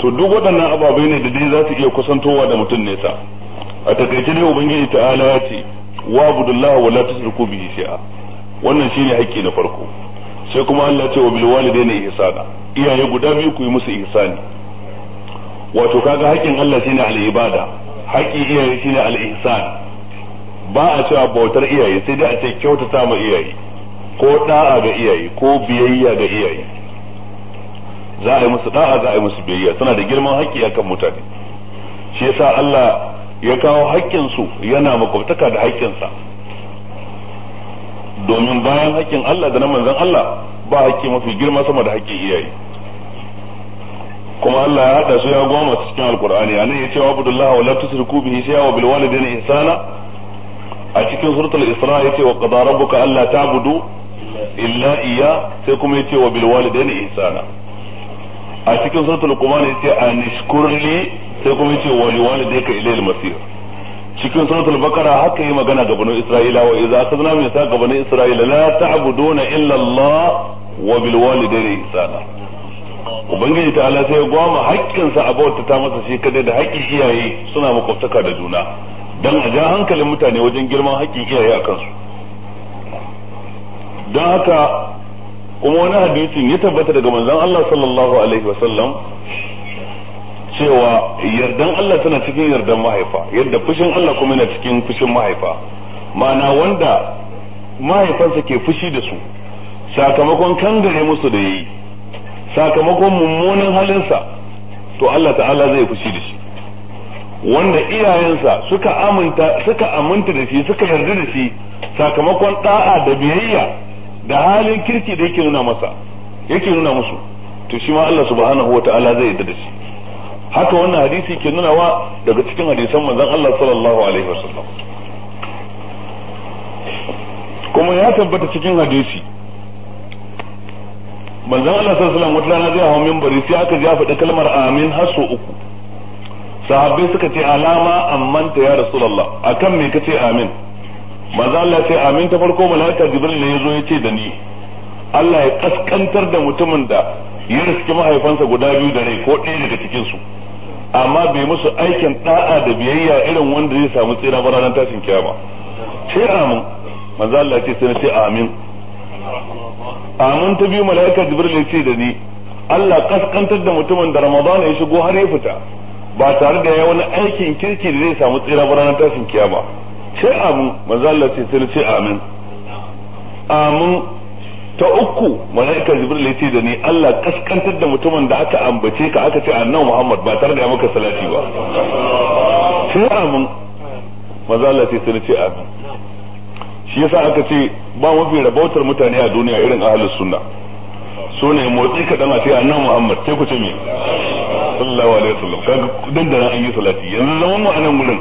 to duk waɗannan ababai ne da dai za su iya kusantowa da mutum nesa a takaice ne ubangiji ta'ala ya ce wa abudullahi wa da tusriku bihi shay'a wannan shine haƙƙi na farko sai kuma Allah ce wa bil walidaini ihsana iyaye guda biyu ku yi musu ihsani wato kaga haƙƙin Allah shine al ibada haƙƙin iyaye shine al ihsan ba a cewa bautar iyaye sai dai a ce kyautata ma iyaye ko ɗa'a ga iyaye ko biyayya ga iyaye za a yi musu da'a za a yi musu biyayya suna da girman haƙƙi akan mutane shi yasa Allah ya kawo haƙƙin su yana makwabtaka da haƙƙin domin bayan haƙƙin Allah da na manzon Allah ba haƙƙi mafi girma sama da haƙƙin iyaye kuma Allah ya hada su ya goma su cikin alkur'ani nan ya ce wa abdullahi wa la tusriku bihi shay'a wa bil walidayni ihsana a cikin suratul isra ce wa qadara rabbuka alla ta'budu illa iya sai kuma ya ce wa bil walidayni ihsana a cikin suratul qur'an yace anishkurli sai kuma yace ka liwalidayka masir cikin suratul bakara haka yi magana ga banu isra'ila wa idza akhadna min sa ga banu isra'ila la ta'buduna illa allah wa bil walidayni ihsana ubangiji ta ala sai goma haƙƙin sa abauta ta masa shi kadai da haƙƙin iyaye suna makwabtaka da juna dan a ja hankalin mutane wajen girman haƙƙin iyaye a kansu don haka kuma wani hadisin ya tabbata daga manzon Allah sallallahu alaihi wasallam cewa yardan Allah tana cikin yardan mahaifa yadda fushin Allah kuma yana cikin fushin mahaifa ma'ana wanda mahaifansa ke fushi da su sakamakon kangare musu da yayi sakamakon mummunan halinsa to Allah ta'ala zai fushi da shi wanda iyayensa suka aminta suka aminta da shi suka yarda da shi sakamakon da'a da biyayya da halin kirki da yake nuna masa yake nuna musu to shi ma Allah subhanahu wataala zai yarda da shi haka wannan hadisi ke nunawa daga cikin hadisan manzon Allah sallallahu alaihi wasallam kuma ya tabbata cikin hadisi manzon Allah sallallahu alaihi wasallam wata rana zai hawo minbari sai aka ji faɗi kalmar amin har so uku sahabbai suka ce alama amman ta ya rasulullah akan me kace amin manzo Allah sai amin ta farko malaika jibril ne yazo yace da ni Allah ya kaskantar da mutumin da ya riski mahaifansa guda biyu da rai ko ɗaya daga cikin su amma bai musu aikin da'a da biyayya irin wanda zai samu tsira ba ranar tashin kiyama sai amin manzo Allah ce sai na ce amin amin ta biyu malaika jibril ya ce da ni Allah kaskantar da mutumin da Ramadan ya shigo har ya fita ba tare da ya wani aikin kirki da zai samu tsira ba ranar tashin kiyama ce amin manzo Allah ce sai ce amin amin ta uku malaika jibril ya ce da ni Allah kaskantar da mutumin da aka ambace ka aka ce annabi Muhammad ba tare da ya maka salati ba ce amin manzo Allah ce sai ce amin shi yasa aka ce ba mafi rabautar mutane a duniya irin ahlus sunna so ne motsi kaɗan a ce annabi Muhammad sai ku ce me sallallahu alaihi wasallam kaga dandana an yi salati yanzu zaman mu anan gurin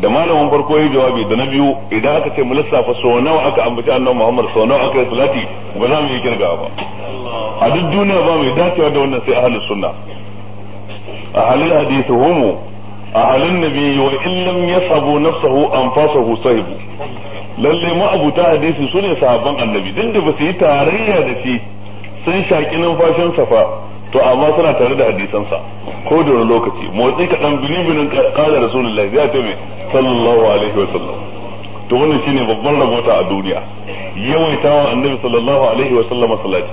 da malamin farko ya jawabi da na biyu idan aka ce mu lissafa so nawa aka ambaci annabi Muhammad so nawa aka yi salati ba za mu yi kirga ba a duk duniya ba mu dacewa da wannan sai ahlus sunna ahlul hadith hum ahlun nabi wa in lam yasabu nafsuhu anfasuhu sahibu lalle ma abuta hadisi sune sahabban annabi din da ba su yi tarayya da shi sun shaki numfashin safa to amma suna tare da hadisansa ko da wani lokaci motsi kaɗan ka kada rasulullahi zai ce mai sallallahu alaihi wa sallam to wannan shine babban rabota a duniya wa annabi sallallahu alaihi wa sallam salati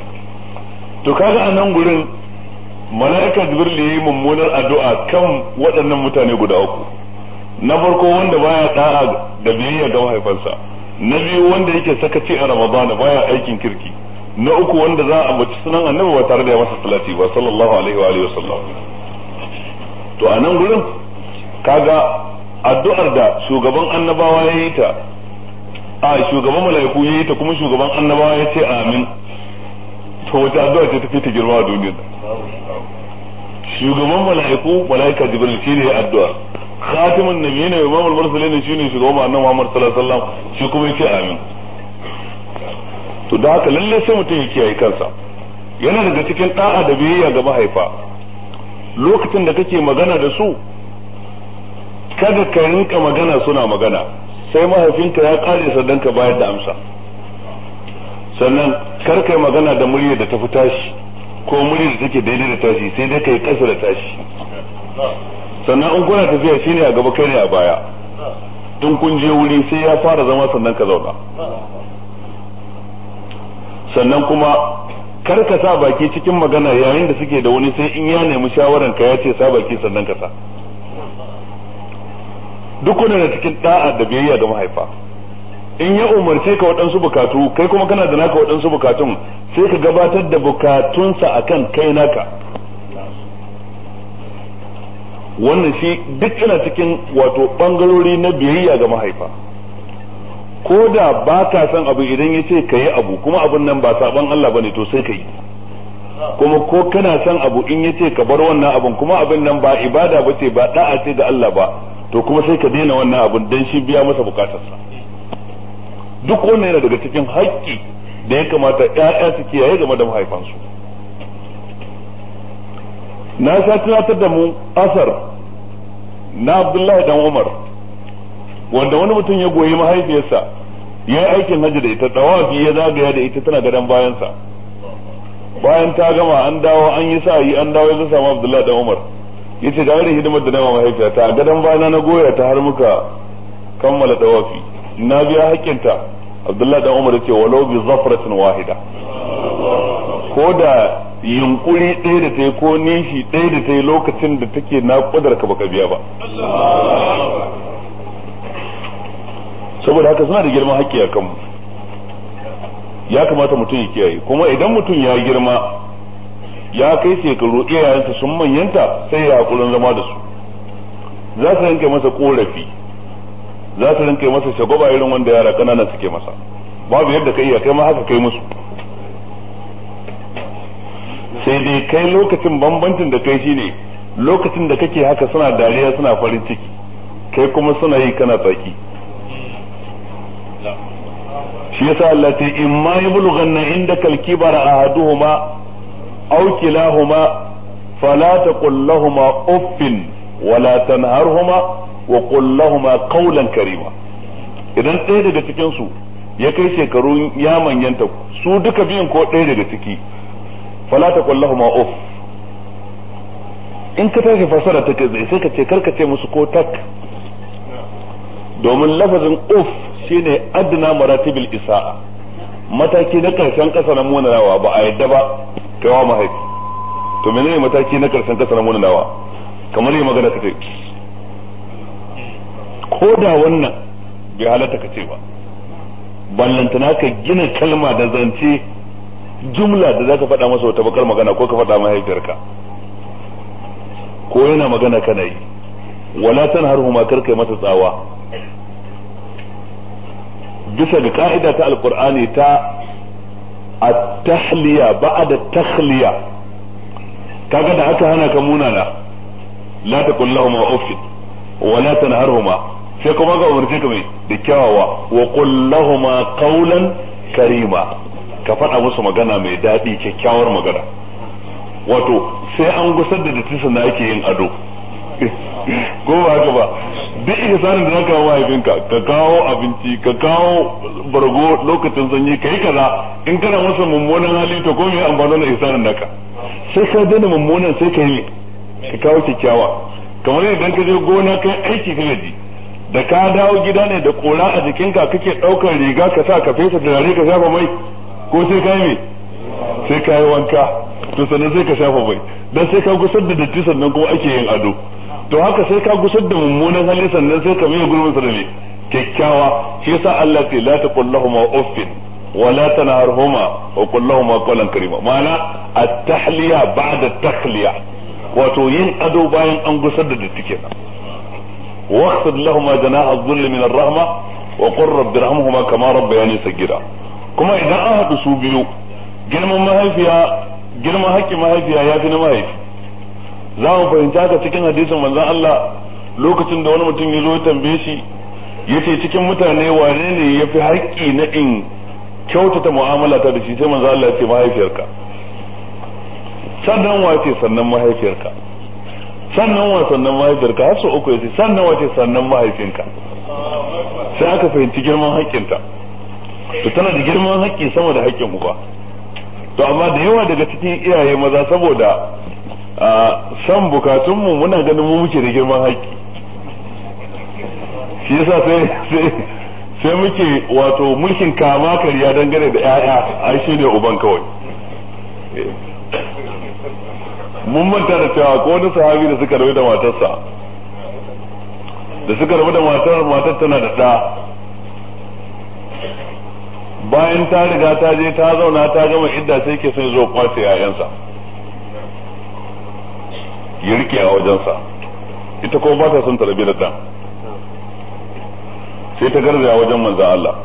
to kaga a nan gurin mala'ika jibril yayi mummunar addu'a kan waɗannan mutane guda uku na farko wanda baya da'a da biyayya ga mahaifansa na biyu wanda yake sakaci a ramadana baya aikin kirki na uku wanda za a ambaci sunan annabi ba tare da ya masa salati ba sallallahu alaihi wa alihi wasallam to a nan gurin kaga addu'ar da shugaban annabawa ya yi ta a shugaban mala'iku ya yi ta kuma shugaban annabawa ya ce amin to wata addu'a ce tafi ta girma a duniyar shugaban mala'iku mala'ika jibril shi ne addu'a khatimun nabiyina wa imamul mursalin shine shugaban annabawa Muhammad sallallahu alaihi wasallam shi kuma ya ce amin to da haka lalle sai mutum ya kiyaye kansa yana daga cikin da'a da biyayya ga mahaifa lokacin da kake magana da su kada ka rinka magana suna magana sai mahaifinka ya kare sannan ka bayar da amsa sannan kar kai magana da murya da tafi tashi ko murya da take daidai da tashi sai dai kai kasa da tashi sannan in kuna tafiya shine a gaba kai ne a baya in kun je wuri sai ya fara zama sannan ka zauna sannan kuma kar ka sa baki cikin magana yayin da suke da wani sai in ya nemi shawaran ka ya ce sa baki sannan ka sa duk wanda na cikin da'a da biyayya ga mahaifa in ya umarce ka waɗansu bukatu kai kuma kana da naka waɗansu bukatun sai ka gabatar da bukatunsa akan kai naka wannan shi duk yana cikin wato ɓangarori na biyayya ga mahaifa ko da ba ka san abu idan ya ce ka yi abu kuma abun nan ba saban Allah ne to sai ka yi kuma ko kana san abu in ya ce ka bar wannan abun kuma abin nan ba ibada ba ce ba da'a ce ga Allah ba to kuma sai ka daina wannan abun dan shi biya masa bukatarsa duk wannan yana daga cikin haƙƙi da ya kamata ƴaƴa su kiyaye game da mahaifansu na sha tunatar da mu asar na Abdullahi dan Umar wanda wani mutum ya goyi mahaifiyarsa ya yi aikin hajji da ita tawafi ya zagaya da ita tana gadon bayansa bayan ta gama an dawo an yi yi an dawo ya samu abdullahi da umar ce ga irin hidimar da na mahaifiyata a gadon bayana na goya ta har muka kammala tawafi na biya hakinta abdullahi dan umar ce walau bi zafratin wahida ko da yunkuri ɗaya da ta yi ko nishi ɗaya da ta yi lokacin da take na kudar ka baka biya ba saboda haka suna da girman haƙƙi a kanmu ya kamata mutum ya kiyaye kuma idan mutum ya girma ya kai shekaru iyayensa sun manyanta sai ya hakurin zama da su za su rinke masa korafi za su rinke masa shagwaba irin wanda yara ƙananan suke masa babu yadda kai ya kai ma haka kai musu sai dai kai lokacin bambancin da kai shine lokacin da kake haka suna dariya suna farin ciki kai kuma suna yi kana tsaki shi yasa Allah ta in ma yablughanna indaka al-kibara ahaduhuma aw kilahuma fala taqul lahumā uffin wala tanharhuma wa qul lahumā qawlan karima idan ɗaya daga cikin su ya kai shekaru ya manyanta su duka biyun ko ɗaya daga ciki fala taqul lahumā uff in ka tashi fasara ta kai sai ka ce karka ce musu ko tak domin lafazin uff shine adna maratibil isa'a mataki na karshen kasa na munanawa ba a yadda ba wa mahaifi to menene mataki na karshen kasa na munanawa kamar yi magana kace ko da wannan bai halatta kace ba ballantana ka gina kalma da zance jumla da zaka faɗa masa wata bakar magana ko ka faɗa mahaifiyarka ko yana magana kana yi wala tanharhuma karkai masa tsawa bisa ga ka'ida ta alkur'ani ta at-tahliya da takhliya kaga da aka hana ka munana la kullahu ma ufid wa la tanharhuma sai kuma ga umarce ka mai da kyawawa wa kullahu ma qawlan karima ka faɗa musu magana mai daɗi kyakkyawar magana wato sai an gusar da dattinsa na ake yin ado ko ba haka ba duk ihsanin da zaka mahaifinka ka kawo abinci ka kawo bargo lokacin sanyi kai kaza in kana masa mummunan hali to ko me amfani da ihsanin naka sai ka daina mummunan sai ka yi ka kawo kyakkyawa kamar yadda ka je gona kai aiki ka gaji da ka dawo gida ne da kora a jikinka kake daukar riga ka sa ka fesa turare ka shafa mai ko sai ka yi me sai ka yi wanka to sannan sai ka shafa mai dan sai ka gusar da datti sannan kuma ake yin ado to haka sai ka gusar da mummunan hali sannan sai ka mai gurbin da me kyakkyawa shi yasa Allah ce la taqul uffin wa la tanharhuma wa qul qawlan karima ma'ana at-tahliya ba'da at-takhliya wato yin ado bayan an gusar da datti kenan واخفض لهما جناح الذل من الرحمة وقل رب ارحمهما كما ربياني صغيرا كما إذا سوبيو girman mahaifiya girman haƙƙin mahaifiya ya fi na mahaifi za mu fahimci haka cikin hadisin manzon Allah lokacin da wani mutum ya zo tambaye shi ya ce cikin mutane wane ne ya fi haƙƙi na in kyautata mu'amala ta da shi sai manzon Allah ya ce mahaifiyarka sannan wace sannan mahaifiyarka sannan wa sannan mahaifiyarka har su uku ce sannan wace sannan mahaifinka sai aka fahimci girman haƙƙinta to tana da girman haƙƙi sama da haƙƙin uba to amma da yawa daga cikin iyaye maza saboda a san bukatunmu muna ganin mu muke da girman haƙƙi shi yasa sai sai muke wato mulkin kama karya dangane da 'ya'ya ai shi ne uban kawai mun manta da cewa ko wani sahabi da suka rabu da matarsa da suka rabu da matar matar tana da ɗa bayan ta riga ta je ta zauna ta gama idda sai ke son zo kwace ƴaƴansa ya rike a wajensa ita kuma ba ta son ta rabe da ɗan sai ta garzaya wajen manzan Allah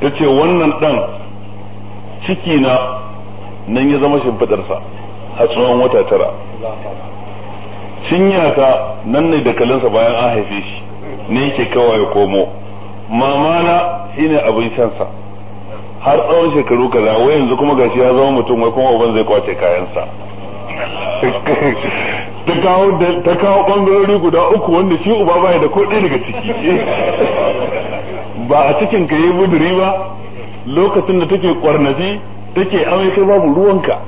ta ce wannan ɗan ciki na nan ya zama shimfiɗarsa a tsawon wata tara cinyata nan ne da kalansa bayan an haife shi ne yake kawai ya komo mamana shine abin shansa har tsawon shekaru kaza wai yanzu kuma gashi ya zama mutum wai kuma uban zai kwace kayansa [laughs] ta kawo ɓangarori guda uku wanda shi uba baya da kodi daga ciki ba a cikin ka yi buduri ba lokacin da take kwarnafi take amai kai babu ruwanka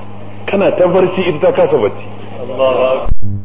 kana ta barci ita ta kasa bacci